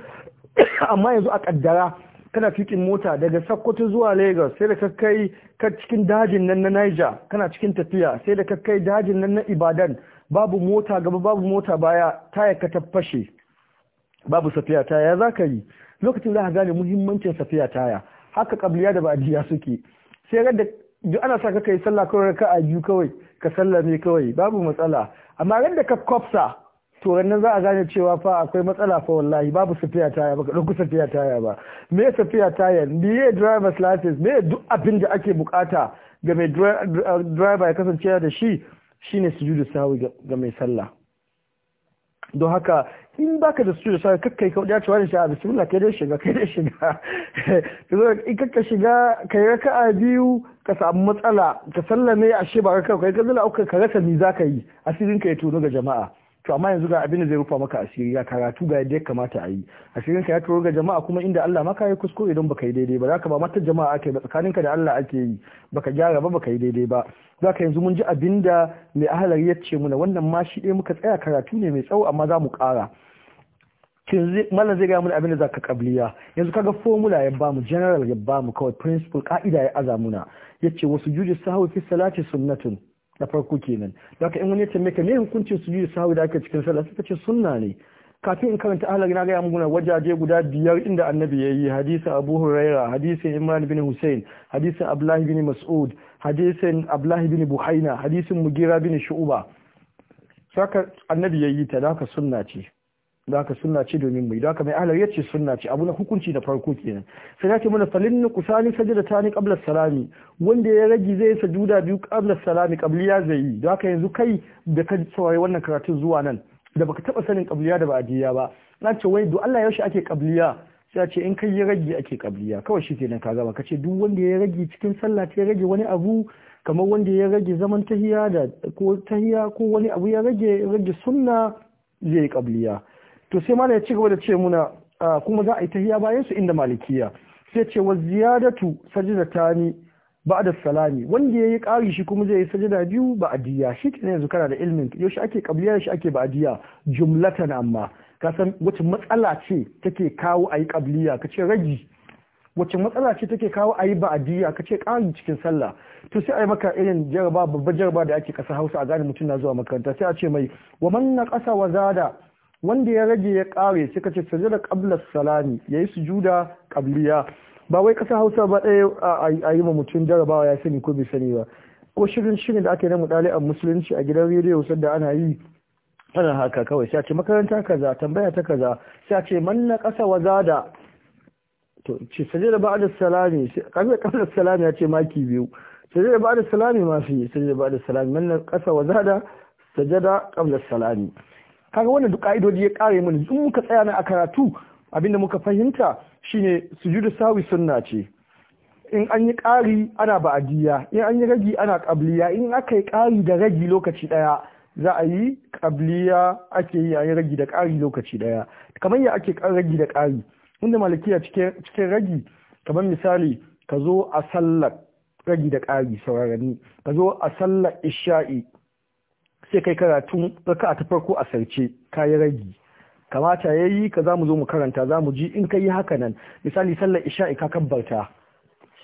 amma yanzu a kaddara kana tukin mota daga Sokoto zuwa Lagos sai da ka kai ka cikin dajin nan na Niger kana cikin tafiya sai da ka kai dajin nan na Ibadan babu mota gaba babu mota baya taya ka tafashe babu safiya taya za ka yi lokacin za ka gane muhimmancin safiya taya haka kabliya da badiya suke sai ga duk ana sa kai sallah kawai ka a biyu kawai ka sallame kawai babu matsala amma ran da ka kwafsa to nan za a gane cewa fa akwai matsala fa wallahi babu safiya taya ba kusa safiya taya ba me safiya taya me driver's license me duk abin da ake bukata ga mai uh, driver ya kasance da shi shine sujudu sahwi ga mai sallah don haka in baka da sujudu sahwi kakkai ka ya cewa da shi a bismillah kai dai shiga kai dai shiga in kakka shiga kai a biyu ka samu matsala ka sallame ashe ba ka kai ka auka ka rasa ni zaka yi asirin ka ya tono ga jama'a to amma yanzu ga abin da zai rufa maka asiri ya karatu ga yadda ya kamata a yi asirin ka ya turo ga jama'a kuma inda Allah maka yi kuskure idan baka yi daidai ba zaka ba mata jama'a ake ba tsakanin ka da Allah ake yi baka gyara ba baka yi daidai ba zaka yanzu mun ji abin da mai ahalar ya ce muna wannan ma shi ɗaya muka tsaya karatu ne mai tsawo amma za mu ƙara kin mallan zai gaya mana abin da zaka kabliya yanzu kaga formula ya bamu general ya ba mu kawai principle ka'ida ya azamuna yace wasu juju su fi salati sunnatun na farko kenan da ka in wani ya maka me hukuncin yi sahwi da aka cikin sallah suka ce sunna ne kafin in karanta ahlak na gaya muna wajaje guda biyar inda annabi ya yi hadisin abu huraira hadisin imran bin hussein hadisin abdullahi bin mas'ud hadisin abdullahi bin buhaina hadisin mugira bin shu'uba saka annabi ya yi ta da ka sunna ce da aka sunna ce domin mai da aka mai ahlar yace sunna ce abu na hukunci da farko kenan sai yake mana falin ku sani sajda tani qabla salami wanda ya rage zai sajuda biyu qabla salami qabliya zai yi da haka yanzu kai da ka saurari wannan karatu zuwa nan da baka taba sanin qabliya da ba ajiya ba na ce wai do Allah yaushe ake qabliya sai ce in kai ya rage ake qabliya kawai shi kenan ka gaba kace duk wanda ya rage cikin sallah ta ya rage wani abu kamar wanda ya rage zaman tahiya da ko tahiya ko wani abu ya rage rage sunna zai qabliya to sai malam ya ci gaba da ce muna kuma za a yi tahiya bayan su inda malikiya sai ce wa ziyadatu sajdatani ba'da salami wanda yayi ƙari shi kuma zai yi sajada biyu ba'diya shi kenan yanzu kana da ilmin yaushe ake qabliya shi ake ba'diya jumlatan amma ka san wace matsala ce take kawo ayi qabliya kace ragi wace matsala ce take kawo ayi Ka kace ƙari cikin sallah to sai ayi maka irin jaraba babbar jaraba da ake kasa Hausa a gane mutum na zuwa makaranta sai a ce mai wa man naqasa wa zada wanda ya rage ya kare suka ce sajada qabla salami yayi sujuda qabliya ba wai kasa Hausa ba ɗaya a yi ma mutum jarabawa ya sani ko bai sani ba ko shirin shirin da aka yi na mudali'an musulunci a gidan rediyo sanda ana yi ana haka kawai sai a ce makaranta kaza tambaya ta kaza sai a ce manna kasa wazada to ce sajada ba'da salami qabla qabla salami ya ce maki biyu sajada ba'da salami ma fi sajada ba'da salami manna kasa wazada sajada qabla salami kaga wannan duk ka'idoji ya kare mana in muka tsaya na a karatu abinda muka fahimta shine sujudu sawi sunna ce in an yi ƙari ana ba'adiyya in an yi ragi ana kabliya in aka yi ƙari da ragi lokaci daya za a yi ƙabliya ake yi a yi ragi da ƙari lokaci ɗaya kamar ya ake ragi da ƙari inda malakiya cikin ragi kamar misali ka zo a sallar ragi da ƙari saurarani ka zo a sallar isha'i sai kai karatun raka'a ta farko a sarce ka yi ragi kamata yayi ka za mu zo mu karanta zamu ji in kai haka nan misali sallar isha'i ka kabbarta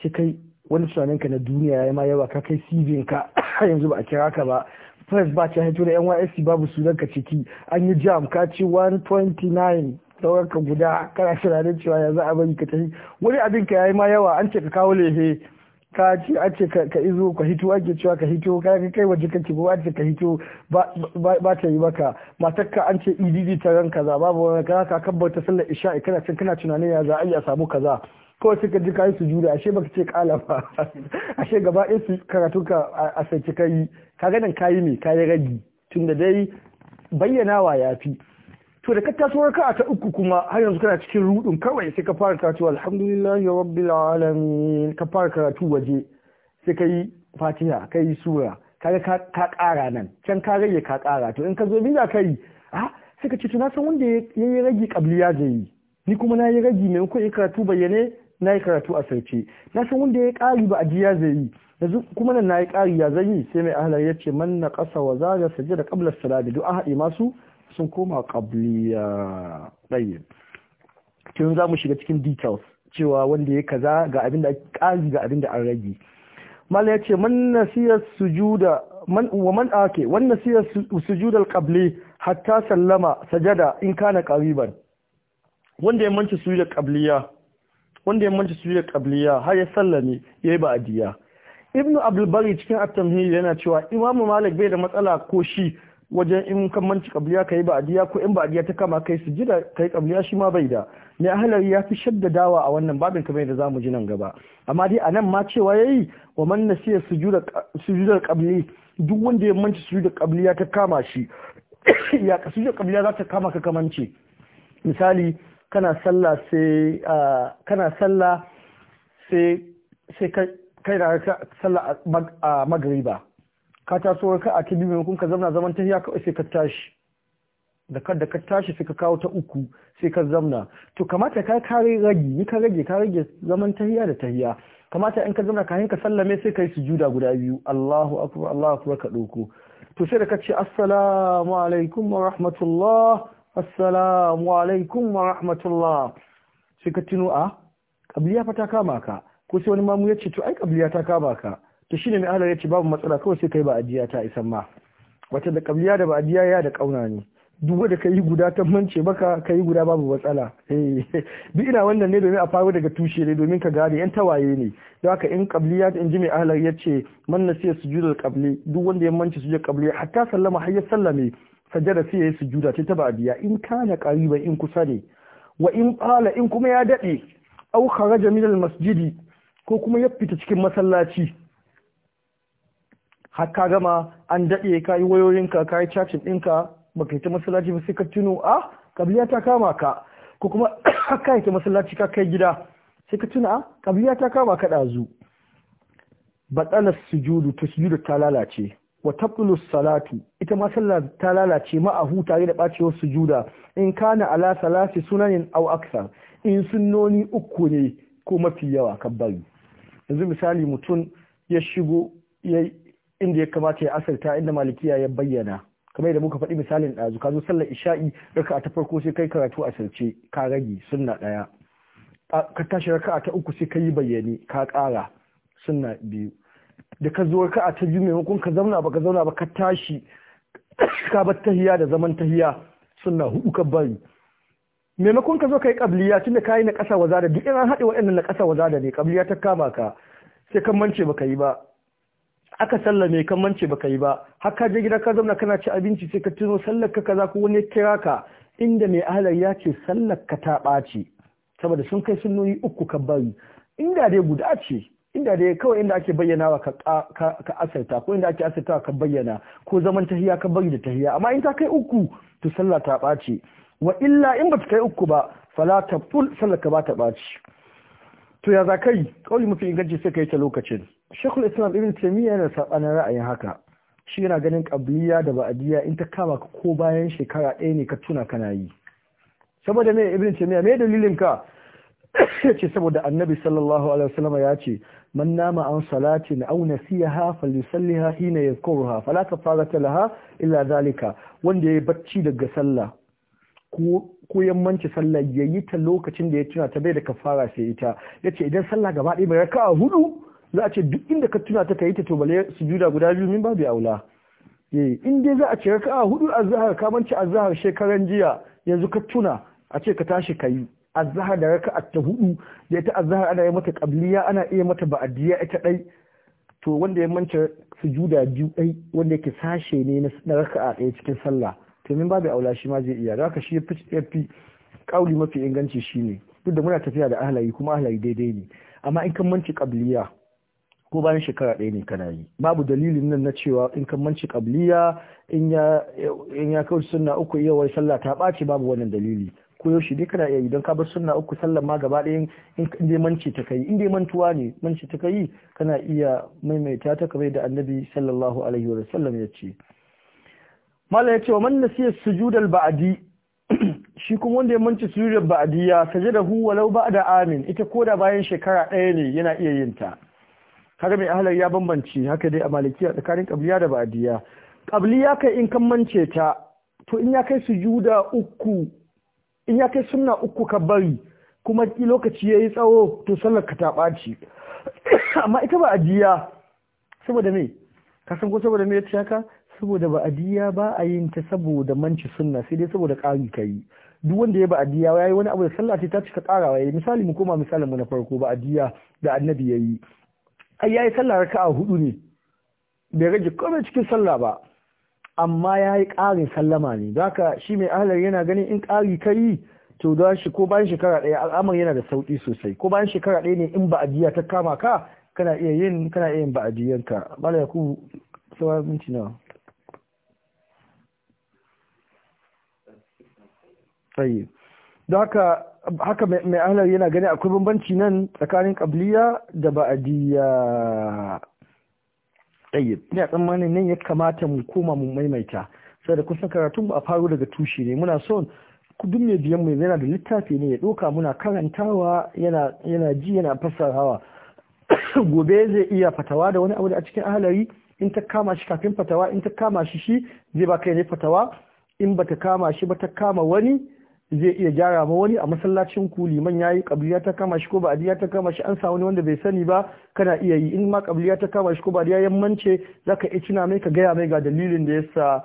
sai kai wani tunanin ka na duniya ya ma yawa ka kai CV ka yanzu ba a kira ka ba press ba ta hito da NYSC babu sunan ka ciki an yi jam ka ci 129 sauran ka guda kana tunanin cewa yanzu a bari ka tafi wani abin ka yayi ma yawa an ce ka kawo lehe ka ce a ce ka izo ka hito ake cewa ka hito ka ka kai waje kake ko a ce ka hito ba ta yi maka matar ka an ce idd ta ran kaza babu wani ka ka kabbata sallar isha kana cin kana tunanin ya za a yi a samu kaza kawai ka ji kayi su jure ashe baka ce kala ba ashe gaba ɗaya su karatu ka a Ka kayi ka ganin kayi ka kayi ragi tunda dai bayyanawa ya fi to da ka taso ka ta uku kuma har yanzu kana cikin ruɗun, kawai sai ka fara karatu alhamdulillahi rabbil alamin ka fara karatu waje sai ka yi fatiha ka yi sura kaga ka kara nan can ka rage ka kara to in ka zo biza ka yi ah sai ka ce to na san wanda ya yi ragi kabliya da yi ni kuma na yi ragi maimakon ya karatu bayyane na yi karatu a sarce na san wanda ya kari ba ajiya zai yi yanzu kuma nan na yi kari ya zan yi sai mai ahlar ya ce man na kasa wa zaga sajada qabla salati du'a haɗe masu sun koma kabliya ɗaya. tun za mu shiga cikin details cewa wanda ya kaza ga abin da ƙazi ga abin da an rage mala ya ce man nasiyar sujuda man wa man ake ah, wan nasiyar sujuda alqabli hatta sallama sajada in kana qariban wanda ya manci sujudar qabliya wanda ya manci sujudar qabliya har ya sallame yayi ba'diya ibnu abdul bari cikin at-tamhid yana cewa imamu malik bai da matsala ko shi wajen in kan manci kabliya yi ba'adiyya ko in ba'adiyya ta kama kai sujjada kai kabliya shi ma bai da ne ahlari ya fi shaddadawa a wannan babin kamar da zamu ji nan gaba amma dai anan ma cewa yayi wa man nasiya sujuda sujudar kabli duk wanda ya manci sujudar kabliya ta kama shi ya ka sujudar kabliya za ta kama ka kamanci misali kana sallah sai kana sallah sai sai kai da sallah a magriba ka taso ka a ta biyu kun ka zamna zaman tahiya kawai sai ka tashi da kadda da ka tashi sai ka kawo ta uku sai ka zamna to kamata ka kare rage ni ka rage ka rage zaman tahiya da tahiya kamata in ka zamna kayan ka sallame sai ka yi sujuda guda biyu Allahu akbar Allahu akbar ka dauko to sai da ka ce assalamu alaikum wa rahmatullah assalamu alaikum wa rahmatullah sai ka tuno a ah, kabiliya fa ta kama ka ko sai wani mamu ya ce to ai kabiliya ta kama ka to shine mai ahalar ya ce babu matsala kawai sai kai ba ajiya ta isan ma wata da kabliya da ba ajiya ya da kauna ne duk wanda kai guda ta mance baka kai guda babu matsala eh, duk ina wannan ne domin a faru daga tushe ne domin ka gane yan tawaye ne don haka in kabliya in ji mai ahalar ya ce man nasiya sujudul qabli duk wanda ya mance sujudul qabli hatta sallama har ya sallame sajada sai ya yi sujuda ta taba biya in kana qariban in kusa ne wa in qala in kuma ya dade au kharaja min al masjidi ko kuma ya fita cikin masallaci har ka gama an daɗe ka yi wayoyinka ka yi cacin ɗinka ba ka yi ta masallaci ba sai ka tuno a ah, kabiliya ta kama ka ko kuma ka yi ta masallaci ka kai gida sai ka tuna a ah, kabiliya ta kama ka ɗazu batsalar sujudu ta sujudu ta lalace wa tabtulu salatu ita ma sallah ta lalace ma a huta da bacewar sujuda in kana ala salati sunanin aw aksar in sunnoni uku ne ko mafi yawa ka bari yanzu misali mutum ya shigo inda ya kamata ya asalta, inda malikiya ya bayyana kamar yadda muka faɗi misalin ɗazu ka zo sallar isha'i raka'a ta farko sai kai karatu a sarce ka rage sunna ɗaya ka tashi raka'a ta uku sai ka yi bayyane ka ƙara sunna biyu da ka zo raka'a ta biyu maimakon ka zauna ba ka zauna ba ka tashi ka bar tahiya da zaman tahiya sunna hudu ka bari maimakon ka zo ka yi ƙabliya tunda ka yi na ƙasa waza da duk in an haɗe waɗannan na ƙasa waza da ne ƙabliya ta kama ka sai kan mance baka yi ba aka sallame kan mance baka yi ba har ka je gida ka zauna kana ci abinci sai ka tuno sallar ka kaza ko wani ya kira ka inda mai ahalar ya ce sallar ka ta ɓaci saboda sun kai sunnoni uku ka bari inda dai guda ce inda dai kawai inda ake bayyana ka ka asarta ko inda ake asarta ka bayyana ko zaman tahiya ka bari da tahiya amma in ta kai uku to sallar ta ɓaci wa illa in ba ta kai uku ba fala ta ful sallar ka ba ta ɓaci to ya za kai kawai mafi inganci sai ka yi ta lokacin shekul islam ibn taimiyya yana saɓanin ra'ayin haka shi yana ganin ƙabliya da ba'adiyya in ta kama ko bayan shekara ɗaya ne ka tuna kana yi saboda mai ibn taimiyya mai dalilin ka ce saboda annabi sallallahu alaihi wasallam ya ce man nama an salatin aw nasiha falyusalliha hina yadhkuruha fala fara laha illa zalika wanda ya yayi bacci daga sallah ko ko yammanci sallah yayi ta lokacin da ya tuna ta bai da kafara sai ita yace idan sallah gaba ɗaya bai raka'a hudu za a ce duk inda ka tuna ta kai ta to bale sujuda guda biyu min babu aula eh in dai za a ce raka'a hudu azhar ka manci azhar shekaran jiya yanzu ka tuna a ce ka tashi kai azhar da raka'a ta hudu da ita azhar ana yi mata qabliya ana iya mata ba'diya ita dai to wanda ya manci sujuda biyu dai wanda yake sashe ne na raka'a ɗaya cikin sallah to min babu aula shi ma zai iya raka shi fi kauli mafi inganci shine duk da muna tafiya da ahlayi kuma ahlayi daidai ne amma in kan manci qabliya ko bayan shekara ɗaya ne kana yi babu dalilin nan na cewa in kan manci kabliya in ya kawai sunna uku yawar sallah ta ɓaci babu wannan dalili ko yaushe dai kana iya yi don ka bar sunna uku sallah ma gaba ɗaya in dai manci ta kai in dai mantuwa ne manci ta kai kana iya maimaita ta kamar da annabi sallallahu alaihi wa sallam ya ce Malam ya ce wa man nasiya sujudal ba'di shi kuma wanda ya manci sujudal ba'di ya hu, walau ba'da amin ita ko da bayan shekara ɗaya ne yana iya yin ta haka mai ahalar ya bambanci haka dai a malikiya tsakanin qabliya da ba'adiyya qabliya kai in kan mance ta to in ya kai su juda uku in ya kai sunna uku ka bari kuma lokaci ya yi tsawo to sallar ka ta ɓaci amma ita ba'adiyya saboda me ka san ko saboda me ci haka saboda ba'adiyya ba a yin ta saboda manci sunna sai dai saboda ƙari ka yi duk wanda ya ya yi wani abu da sallah ta cika ƙarawa yi misali mu koma misalin mu na farko ba'adiyya da annabi ya yi. ai yayi sallah a hudu ne bai rage komai cikin sallah ba amma yayi ƙarin sallama ne don haka shi mai ahlar yana ganin in ƙari yi to da shi ko bayan shekara ɗaya al'amar yana da sauki sosai ko bayan shekara ɗaya ne in ba'adiyya ta kama ka kana iya yin kana iya yin ba'adiyyanka bala ya ku sawa minti nawa tsaye don haka haka mai ahlar yana gani akwai bambanci nan tsakanin kabliya da ba'diyya tayyib ina tsammanin nan ya kamata mu koma mu maimaita sai da kusan karatun ba a faro daga tushe ne muna son kudin mai biyan mai yana da littafi ne ya doka muna karantawa yana ji yana fassarawa gobe zai iya fatawa da wani abu da a cikin ahalari in ta kama shi kafin fatawa in ta kama shi shi zai ba kai ne fatawa in ba ta kama shi ba ta kama wani zai iya gyara ma wani a masallacin ku liman yayi kabliya ta kama shi ko ba adiya ta kama shi an sa wani wanda bai sani ba kana iya yi in ma kabliya ta kama shi ko ba adiya mance zaka iya tuna mai ka gaya mai ga dalilin da yasa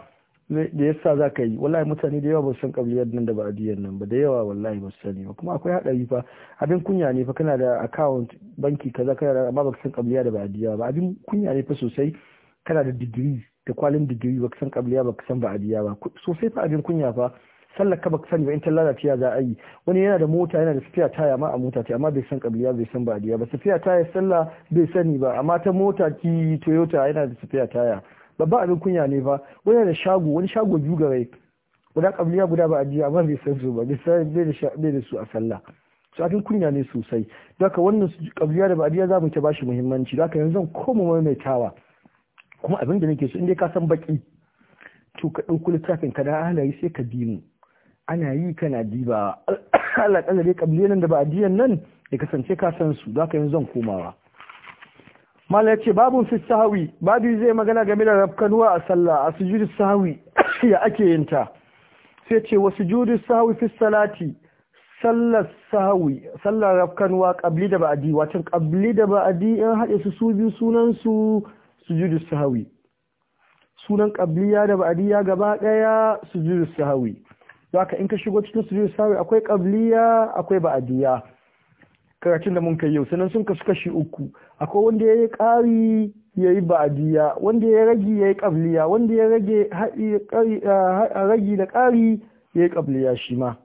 da yasa zaka yi wallahi mutane da yawa ba san kabliyar nan da ba adiyar nan ba da yawa wallahi ba sani ba kuma akwai hadari fa abin kunya ne fa kana da account banki kaza kana da amma ba san kabliya da ba adiya ba abin kunya ne fa sosai kana da degree da kwalin degree ba san kabliya ba san ba adiya ba sosai fa abin kunya fa sallar ka baka sani ba in ta lalace ya za a yi wani yana da mota yana da safiya taya ma a mota ce amma bai san kabiliya bai san badiya ba safiya taya sallah bai sani ba amma ta mota ki toyota yana da safiya taya babba abin kunya ne ba wani da shago wani shago biyu gare guda kabiliya guda ba ajiya amma bai san su ba bai san bai da su a sallah su abin kunya ne sosai haka wannan kabiliya da badiya za mu ta bashi muhimmanci haka yanzu koma maimaitawa kuma abin da nake so in dai ka san baki to ka ɗauko littafin ka da halaye sai ka bi mu ana yi kana diba Allah kalla dai kabilan da ba ajiyan nan ya kasance ka san su zaka yanzu zan komawa mala ce babun fi sahwi babu zai magana game da rafkanuwa a sallah a sujudu sahwi ya ake yin ta sai ce wasu sujudu sahwi fi salati sallar sahwi sallar rafkanuwa kabli da ba'adi wato kabli da ba'adi in haɗe su su biyu sunan su sujudu sahwi sunan kabliya da ba'adi ya gaba daya sujudu sahwi zaka in ka shigo cikin sujudu sahwi akwai qabliya akwai ba'diya karatun da mun kai yau sanan sun kasu kashi uku akwai wanda yayi ƙari yayi ba'diya wanda ya rage yayi qabliya wanda ya rage rage da ya yayi qabliya shi ma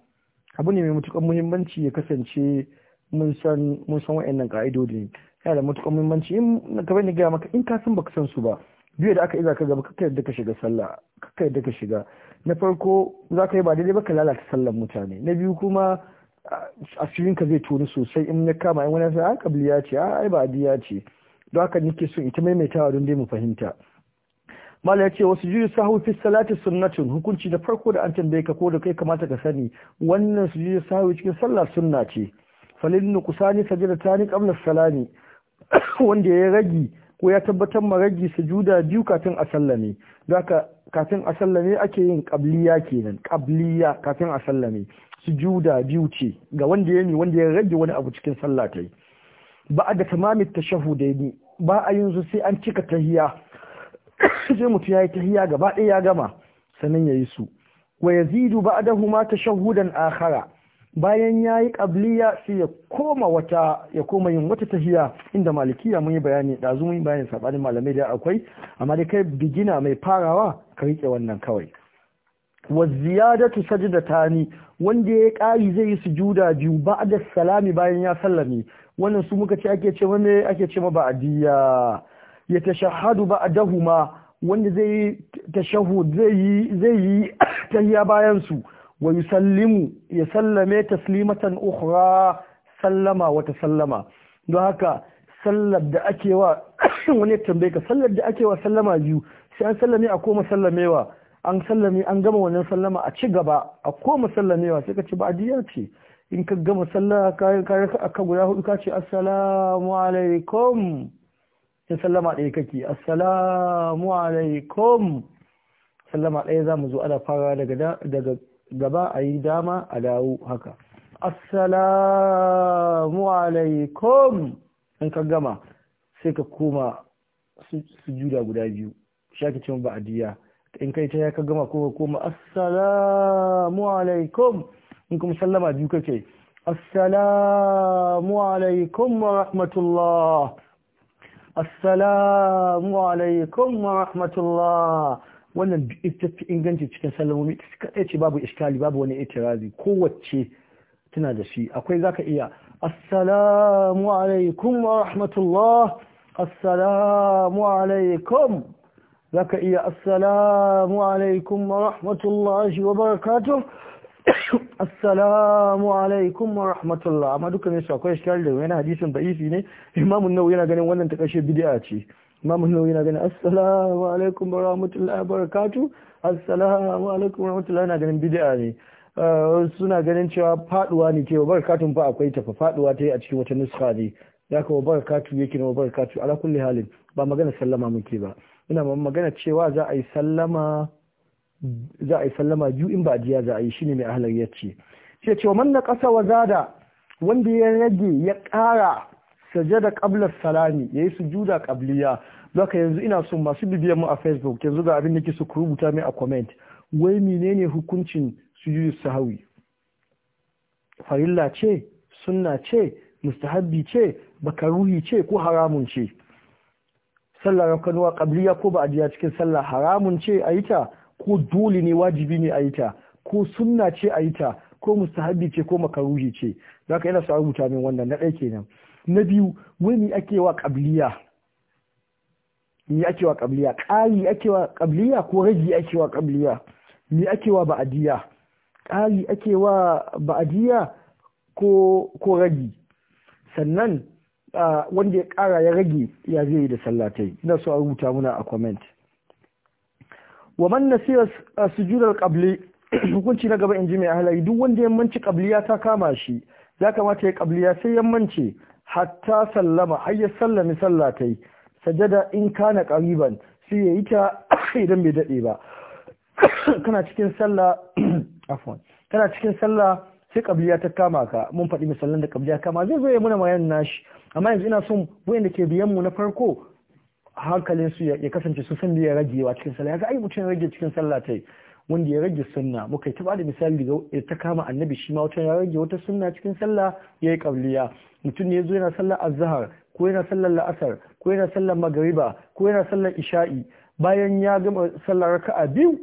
abu ne mai mutukar muhimmanci ya kasance mun san mun san wa'annan ka'idodin yana da matukar muhimmanci in ka bani gaya maka in ka san baka san su ba biyu da aka iza ka gaba kakka yadda ka shiga sallah yadda ka shiga na farko za ka yi ba daidai ba ka lalata sallar mutane na biyu kuma asirin ka zai toni sosai in ya kama 'yan wani sai a ya ce ah, ah, ai ba adiya ce don haka nake so ita maimaitawa don dai mu fahimta mala ya ce wasu juyu sahu fi salati sunnatun hukunci da farko da an tambaye ka ko da kai kamata ka sani wannan su juyu sahu cikin sallah sunna ce falin nuqsani sajdatan qabla salami wanda ya ragi ko ya tabbatar maragi sujuda biyu kafin a sallame zaka kafin a sallame ake yin qabliya kenan qabliya kafin a sallame sujuda biyu ce ga wanda yayi wanda ya rage wani abu cikin sallah tai ba da tamamin tashahudaini ba a yanzu sai an cika tahiya sai mutum yayi tahiya gaba ɗaya ya gama sannan yayi su wa yazidu ma tashahudan akhara bayan ya yi ƙabliya sai ya koma wata ya koma yin wata tahiya inda malikiya mun yi bayani ɗazu mun yi bayani saɓanin malamai da akwai amma dai kai bigina mai farawa ka riƙe wannan kawai wa ziyadatu sajdatani wanda ya ƙari zai yi sujuda biyu ba da salami bayan ya sallami wannan su muka ce ake ce ma me ake ce ma ba'diya ya tashahhadu ba'dahuma wanda zai tashahhud zai yi zai yi tahiya bayan su wa yusallimu ya sallame taslimatan ukhra sallama wa tasallama don haka sallar da ake wa wani tambaye ka sallar da ake sallama biyu sai an sallame a sallamewa an sallame an gama wannan sallama a ci gaba a koma sallamewa sai ka ci ba ce in ka gama sallah kayan kayan ka guda hudu ka ce assalamu alaikum sai sallama ɗaya kake assalamu alaikum sallama ɗaya za mu zo ana fara daga gaba a yi dama a dawo haka assalamu alaikum in ka gama sai ka koma su sujuda guda biyu shaki cin ba'adiyya in kai ta ya ka gama ko ka koma assalamu alaikum in kuma sallama biyu kake assalamu alaikum wa rahmatullah assalamu alaikum wa rahmatullah wannan ita fi inganci cikin salamomi ta kaɗai ce babu iskali babu wani itirazi kowace tana da shi akwai zaka iya assalamu alaikum wa rahmatullah assalamu alaikum zaka iya assalamu alaikum wa shi wa barakatuh assalamu alaikum wa rahmatullah amma dukkan su akwai iskali da wani hadisin da'ifi ne imamun nau yana ganin wannan ta kashe bid'a ce imamu na yana ganin assalamu alaikum wa rahmatullahi wa barakatu assalamu alaikum wa rahmatullahi na ganin bid'a ne uh, suna ganin cewa faduwa ne ke wa barakatun fa akwai tafa faduwa ta yi a cikin wata nuska ne ya ka wa barakatu yake na wa barakatu ala kulli halin ba magana sallama muke ba ina magana cewa za a yi sallama za a yi sallama biyu in ba jiya za a yi shine mai ahlar yacce sai cewa man na kasa wa zada wanda ya rage ya kara sajada qabla salami yayi sujuda qabliya zaka yanzu ina son masu bibiyan mu a Facebook yanzu ga abin da kike su rubuta mai a comment wai menene hukuncin sujudu sahawi farilla ce sunna ce mustahabbi ce bakaruhi ce ko haramun ce sallar rakanuwa qabliya ko ba a jiya cikin sallah haramun ce a yi ta ko dole ne wajibi ne a yi ta ko sunna ce a yi ta ko mustahabbi ce ko makaruhi ce zaka ina sa rubuta min wannan na ɗaya kenan na biyu wani ake wa qabliya ni ake wa qabliya qali ake wa qabliya ko ragi ake wa qabliya ni ake wa ba'adiya qali ake wa ba'adiya ko ko ragi sannan wanda ya kara ya rage ya zai da sallatai ina so a rubuta muna a comment wa man nasiya sujudar qabli hukunci na gaba in ji mai ahalari duk wanda ya manci qabliya ta kama shi ya kamata ya qabliya sai ya manci hatta sallama har ya sallami sallah ta yi sajada in kana ƙariban sai ya yi ta idan bai daɗe ba kana cikin sallah afwan kana cikin sallah sai ƙabiliya ta kama ka mun faɗi misalan da ƙabiliya kama zai zo ya muna mayan nashi amma yanzu ina son wayan da ke biyan mu na farko hankalin su ya kasance su san da ya ragewa cikin sallah ga ai mutum rage cikin sallah tai wanda ya rage sunna muka yi ta da misali daga ta kama annabi shi ma wata ya rage wata sunna cikin sallah ya yi kabliya mutum ne ya zo yana sallar azhar ko yana sallar la'asar ko yana sallar magariba ko yana sallar isha'i bayan ya gama sallar raka'a biyu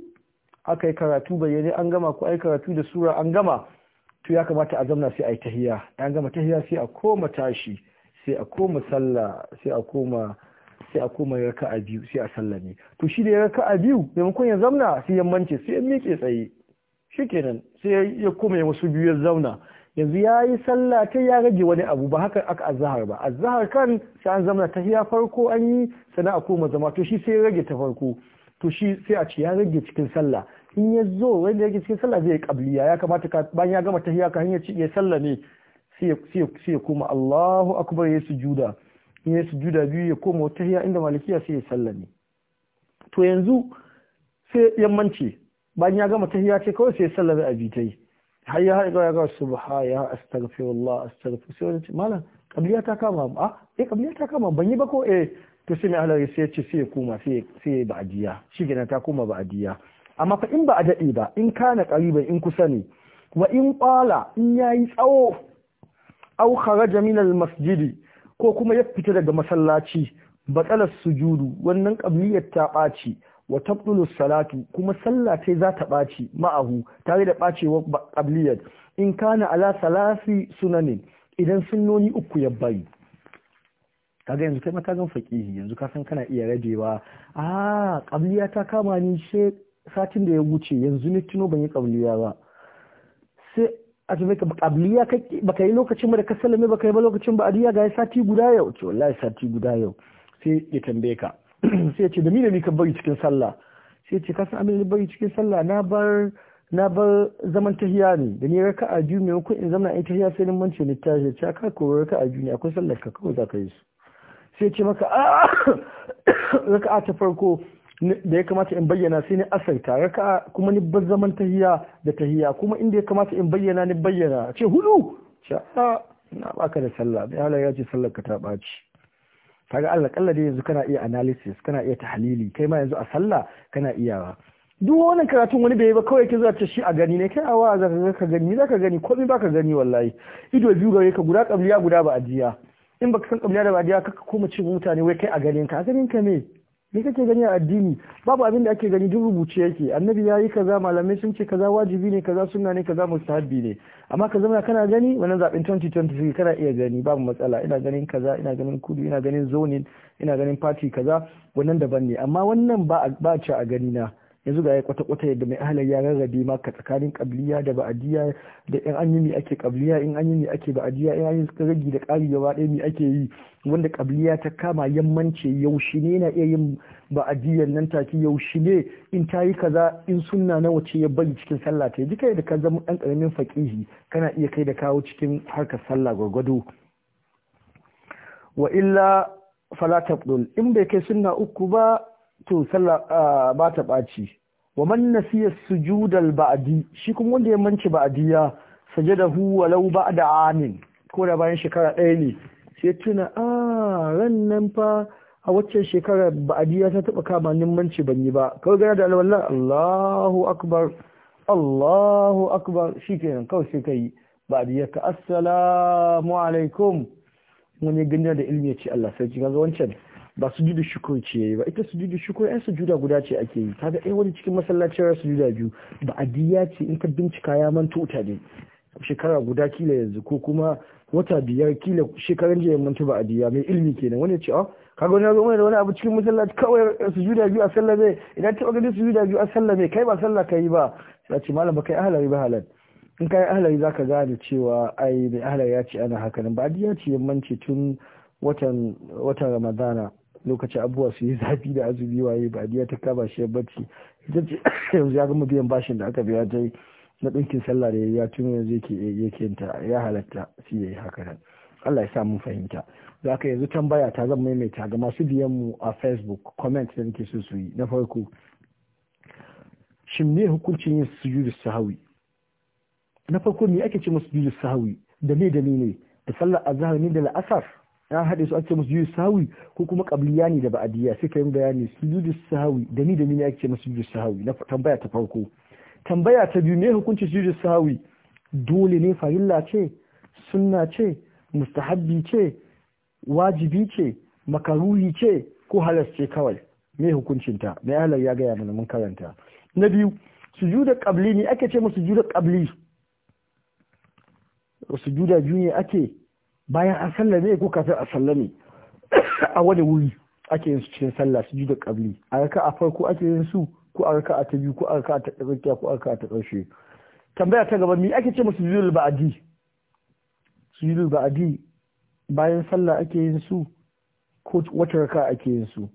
aka yi karatu bayyane an gama ko ai karatu da sura an gama to ya kamata a zamna sai a yi tahiya an gama tahiya sai a koma tashi sai a koma sallah sai a koma sai a koma ya raka a biyu sai a sallame to shi da ya raka a biyu maimakon ya zamna sai ya mance sai ya miƙe tsaye shikenan sai ya koma ya wasu biyu ya zauna yanzu ya yi sallah ta ya rage wani abu ba haka aka azahar ba azahar kan sai an zamna ta hiya farko an yi sana a koma zama to shi sai ya rage ta farko to shi sai a ce ya rage cikin sallah in ya zo wanda yake cikin sallah zai kabliya ya kamata ka bayan ya gama tahiya ka hanyar ci ya sallah ne sai ya koma Allahu akbar ya sujuda in ya sujuda biyu ya koma wata hiya inda malikiya sai ya sallame to yanzu sai yammanci bayan ya gama tahiya ce kawai sai ya sallame a bitai har ya haɗa ya ga subha ya wallah astaghfir sai wani ce malam kabliya ta kama a ah, eh kabliya ta kama ban yi ba ko eh to sai mai halari sai ya ce sai ya koma sai ya jiya. shi gina ta koma jiya. amma fa in ba a daɗe ba in kana ƙariban in kusa ne wa in ƙwala in ya yi tsawo au kharaja min al masjidi ko kuma ya fita daga masallaci batsalar sujudu wannan ƙabliyar ta ɓaci wa tabdulu salatu kuma sallah ce za ta ɓaci ma'ahu tare da ɓacewar ƙabliyar in kana ala salasi sunanin idan sunnoni uku ya bayi kaga yanzu kai matakan faƙihi yanzu ka san kana iya rajewa a ƙabliya ta kama ni she satin da ya wuce yanzu ni tuno ban yi ƙabliya ba sai azumi ka qabliya kake baka yi lokacin ba da ka sallame baka yi ba lokacin ba adiya ga sati guda yau ce wallahi sati guda yau sai ya tambaye ka sai ya ce da ni da ni ka bari cikin sallah sai ya ce ka san ni bari cikin sallah na bar na bar zaman tahiya ne da ni raka a biyu maimakon in zamana in tahiya sai ni mance ni ta ce ka ko a biyu ne akwai sallar ka kawai za ka yi su sai ce maka a ta farko da ya kamata in bayyana sai ni asaita raka kuma ni bar zaman tahiya da tahiya kuma inda ya kamata in bayyana ni bayyana ce hudu ce a ah, na baka da sallah mai halar ya ce sallar ka ta ɓaci kaga Allah kalla dai yanzu kana iya analysis kana iya tahlili kai ma yanzu a sallah kana ba duk wannan karatun wani bai ba kawai ke zuwa ce shi a gani ne kai awa za ka gani za ka gani komai baka gani wallahi ido biyu gare ka guda kabliya guda ba ajiya in baka san kabliya da ba ajiya ka koma cin mutane wai kai a ganin ka a ganin ka me. me kake gani a addini babu abin da ake gani duk rubuce yake annabi ya yi kaza malamai sun ce kaza wajibi ne kaza sunna ne kaza mustahabbi ne amma ka zama kana gani wannan zaben 2023 kana iya gani babu matsala ina ganin kaza ina ganin kudu ina ganin zonin ina ganin party kaza wannan daban ne amma wannan ba ba ci a gani na yanzu ga ya kwata-kwata yadda mai ahalar ya rarrabe maka tsakanin kabliya da ba'adiyya da in an yi mi ake kabliya in an yi mi ake ba'adiyya in an yi suka ragi da ƙari gaba ɗaya mi ake yi wanda kabliya ta kama yammance yaushe ne na iya yin ba'adiyyar nan take yaushe ne in ta yi kaza in sunna na wace ya bari cikin sallah ta yi duka da ka zama ɗan ƙaramin faƙihi kana iya kai da kawo cikin harkar sallah gwargwado wa illa fala tabdul in bai kai sunna uku ba to sallah ah, ba ta ɓaci wa man nasiya sujudal ba'di shi kuma wanda ya manci ba'diya sajadahu walau ba'da amin ko da bayan shekara ɗaya ne sai tuna a ah, ran nan fa a waccan shekara ba'diya ta taba kama nin manci ban yi ba kawai gana da alwala Allahu akbar Allahu akbar shikenan kawai sai kai ba'diya ka assalamu alaikum wani gina da ilmi ya ce Allah sai ji ga wancan ba judu shukur ce yi ba ita su shukur shukuri su juda guda ce ake yi kaga ɗaya wani cikin masallacin ya juda biyu ba diya ce in ka bincika ya manto ta ne shekara guda kila yanzu ko kuma wata biyar kila shekaran jiya manto ba diya mai ilmi kenan wani ce a oh, kaga wani zo da wani abu cikin masallaci kawai su juda biyu a sallame idan ta su juda biyu a sallame kai ba sallah kai ba ya ce malam ba kai ahlari ba halal in kai za zaka gane cewa ai mai ahlari ya ce ana hakanan ba a diya ce yammanci tun watan watan ramadana lokacin abubuwa su yi zafi da azumi waye ba diya ta kaba shi bacci ita ce yanzu ya gama biyan bashin da aka biya ta yi na ɗinkin sallah da ya tuno yanzu yake yake ta ya halatta su yi haka nan Allah ya sa mun fahimta za ka yanzu tambaya ta zan maimaita ga masu biyan mu a facebook comment da nake so su yi na farko shin ne hukuncin yin sujudu sahawi na farko ne ake ce masu sujudu sahawi da me da ne da sallar azhar ne da la'asar ya haɗe su ake musu yi sahawi ko kuma qabliya ne da ba'adiyya sai ka yi bayani sujudu sahawi da ni da ni ne ake musu sujudu sahawi na tambaya ta farko tambaya ta biyu ne hukunci sujudu sahawi dole ne farilla ce sunna ce mustahabbi ce wajibi ce makaruhi ce ko halas ce kawai me hukuncinta me halar ya gaya mana mun karanta na biyu sujuda qabli ne ake ce musu sujuda qabli sujuda biyu ne ake bayan an sallame ko kafin a sallame a wani wuri ake yin su cikin sallah su ji da ƙabli a raka a farko ake yin su ko a raka a ta biyu ko a raka a ta tsakiya ko a raka a ta ƙarshe tambaya ta gaba me ake ce musu sujudul ba'adi sujudul ba'adi bayan sallah ake yin su ko wata raka ake yin su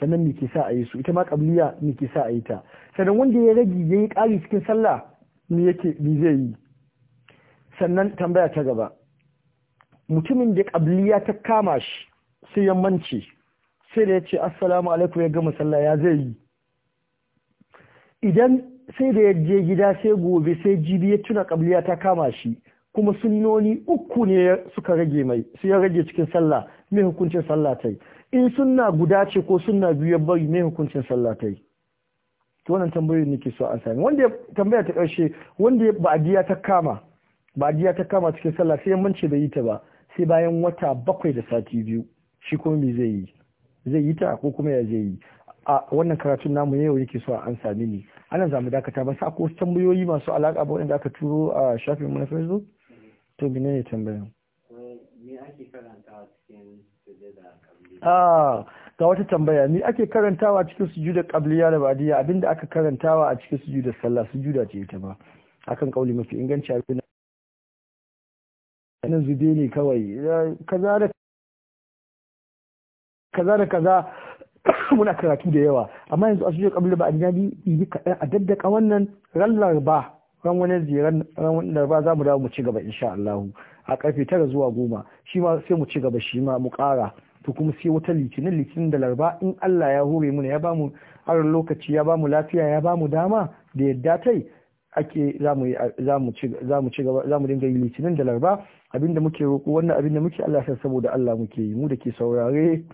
sannan me ke sa a yi su ita ma ƙabliya me ke sa a yi ta sannan wanda ya rage yi ƙari cikin sallah me yake me zai yi sannan tambaya ta gaba mutumin da ƙabliya ta kama shi sai ya mance sai da ya ce assalamu alaikum ya gama sallah ya zai yi idan sai da ya je gida sai gobe sai jibi ya tuna ƙabliya ta kama shi kuma sunnoni uku ne suka rage mai su ya rage cikin sallah mai hukuncin sallah ta yi in sunna guda ce ko sunna biyu ya bari mai hukuncin sallah ta yi to wannan tambayoyin ke so an sami wanda tambaya ta karshe wanda ba a ta kama ba a ta kama cikin sallah sai ya mance da yi ta ba sai bayan wata bakwai da sati biyu shi kuma me zai yi zai yi ta ko kuma ya zai yi a wannan karatun namu yau yake so an sami ni ana za mu dakata ba sa ko tambayoyi masu alaƙa ba wanda aka turo a shafin mu na facebook to mene ne tambayan ah ga wata tambaya ni ake karantawa cikin sujuda qabliya da badiya abinda aka karantawa a cikin sujuda sallah sujuda ce ita ba akan kauli mafi inganci abin nan zube ne kawai kaza da kaza muna karatu da yawa amma yanzu a sujiyar kabila ba a jinabi ibi kaɗan a daddaka wannan rallar ba ran wani ziran ran wani larba za mu dawo mu ci gaba insha Allah a karfe tara zuwa goma shi ma sai mu ci gaba shi ma mu ƙara to kuma sai wata litinin litinin da larba in Allah ya hore mu ya ba mu aron lokaci ya ba mu lafiya ya ba mu dama da yadda tai ake za mu dinga yi litinin da larba abinda muke roƙo wannan abinda muke Allah sa saboda Allah muke yi mu da ke saurare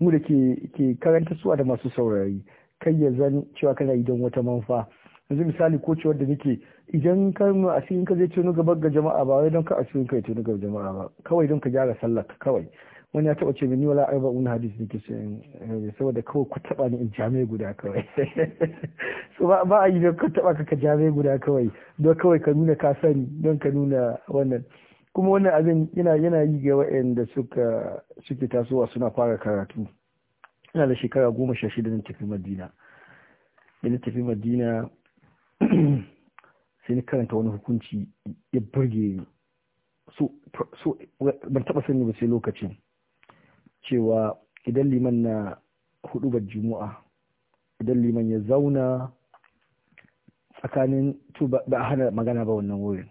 mu da ke karanta suwa da masu saurari kai ya zan cewa kana yi don wata manfa yanzu misali ko cewar da nake idan ka mu asirin ka zai tuni gaba ga jama'a ba wai don ka asirin ka ya tuni gaba jama'a ba kawai don ka gyara sallar kawai wani ya taba ce ni wala arba ne hadis nake sayan eh, saboda kawai ku taba ni in jami'a guda kawai so ba a yi don ka taba ka jami'a guda kawai don kawai ka nuna ka sani don ka nuna wannan kuma wannan abin yana yana yi ga waɗanda suka suke tasowa suna fara karatu ina da shekara goma sha shida na tafi madina da na tafi madina sai ni karanta wani hukunci ya burge ni so ban taba sani ba sai lokacin cewa idan liman na hudubar juma'a idan liman ya zauna tsakanin to ba a hana magana ba wannan wurin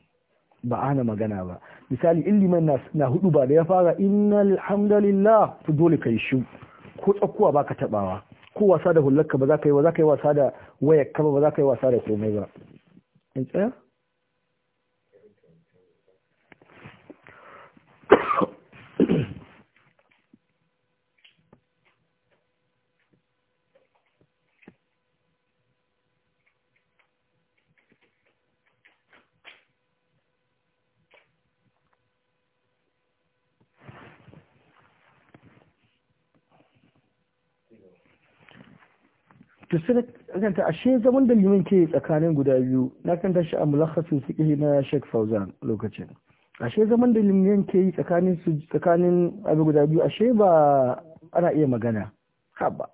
ba a hana magana ba misali in liman na hudu ba da ya fara inna alhamdulillah, to dole kai shi ko tsakkuwa baka tabawa ko wasa da hullarka ba za ka yi za ka yi wasa da wayar ba za ka yi wasa da komai ba in tsaya ashe zaman da liman ke tsakanin guda biyu na kan tashi a su fiqh na Sheikh Fauzan lokacin ashe zaman da liman ke yi tsakanin su tsakanin abu guda biyu ashe ba ana iya magana haba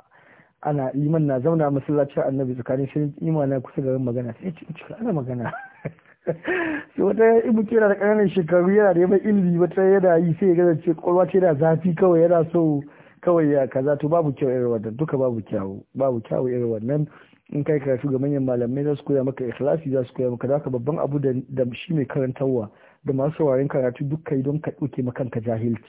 ana liman na zauna masallacin annabi tsakanin shi liman na kusa garin magana sai cikin cikin ana magana sai wata ibu kira da ƙananan shekaru yana da yawan ilimi wata yana yi sai ya gaza ce kwalwa ce da zafi kawai yana so kawai ya kaza to babu kyau irin wannan duka babu kyau babu kyau irin wannan in kai karatu ga manyan malamai za su koya maka ikhlasi za su koya maka ka babban abu da shi mai karantarwa da masu sauraron karatu duk kai don ka ɗauke ma kanka jahilci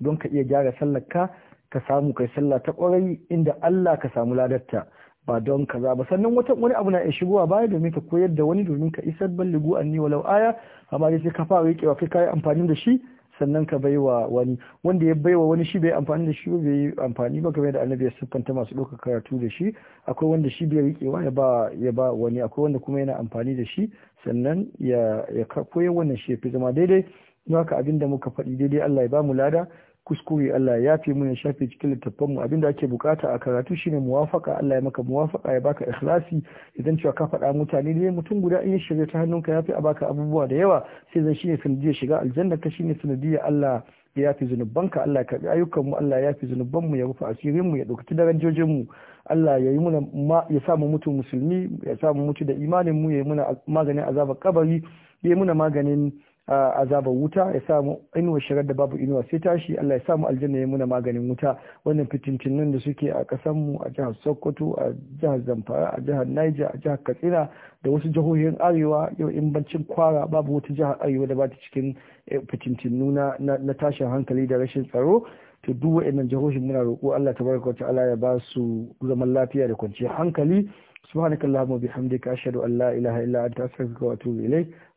don ka iya gyara sallar ka ka samu kai sallah ta kwarai inda Allah ka samu ladarta ba don kaza ba sannan wata wani abu na iya shigowa baya domin ka koyar da wani domin ka isar balligu anni walau aya amma dai sai ka fara wa kai kayi amfani da shi sannan ka bai wa wani wanda ya wa wani shi bai amfani da shi ba bai amfani ba kamar da annabi ya siffanta masu ɗaukar karatu da shi akwai wanda shi bai riƙewa ya ba ya ba wani akwai wanda kuma yana amfani da shi sannan ya ya koyar wannan shi ya fi zama daidai don haka abin da muka faɗi daidai Allah ya ba mu lada kuskure Allah ya fi mun ya shafe cikin littattafan mu abinda ake bukata a karatu shine muwafaka Allah ya maka muwafaka ya baka ikhlasi idan cewa ka faɗa mutane ne mutum guda in ya shirya ta hannunka ya fi a baka abubuwa da yawa sai zan shine sanadiyar shiga aljanna ka shine sanadiyar Allah ya fi zunubanka Allah ya karbi ayyukan mu Allah ya fi zunuban mu ya rufe asirin mu ya dauki darajojin mu Allah ya yi muna ya sa mu mutu musulmi ya sa mu mutu da imanin mu ya yi muna maganin azabar kabari ya yi muna maganin azabar wuta ya samu inuwa shirar da babu inuwa sai tashi Allah ya samu aljanna ya muna maganin wuta wannan fitintunan da suke a ƙasar mu a jihar Sokoto a jihar Zamfara a jihar Niger a jihar Katsina da wasu jihohin arewa yau in bancin kwara babu wata jihar arewa da ba ta cikin eh, fitintinu na tashin hankali da rashin tsaro to duk wa'annan jihohin muna roƙo Allah tabaraka wa ta'ala ya ba su zaman lafiya da kwanciyar hankali subhanakallahumma bihamdika ashhadu an la ilaha illa anta astaghfiruka wa atubu ilaik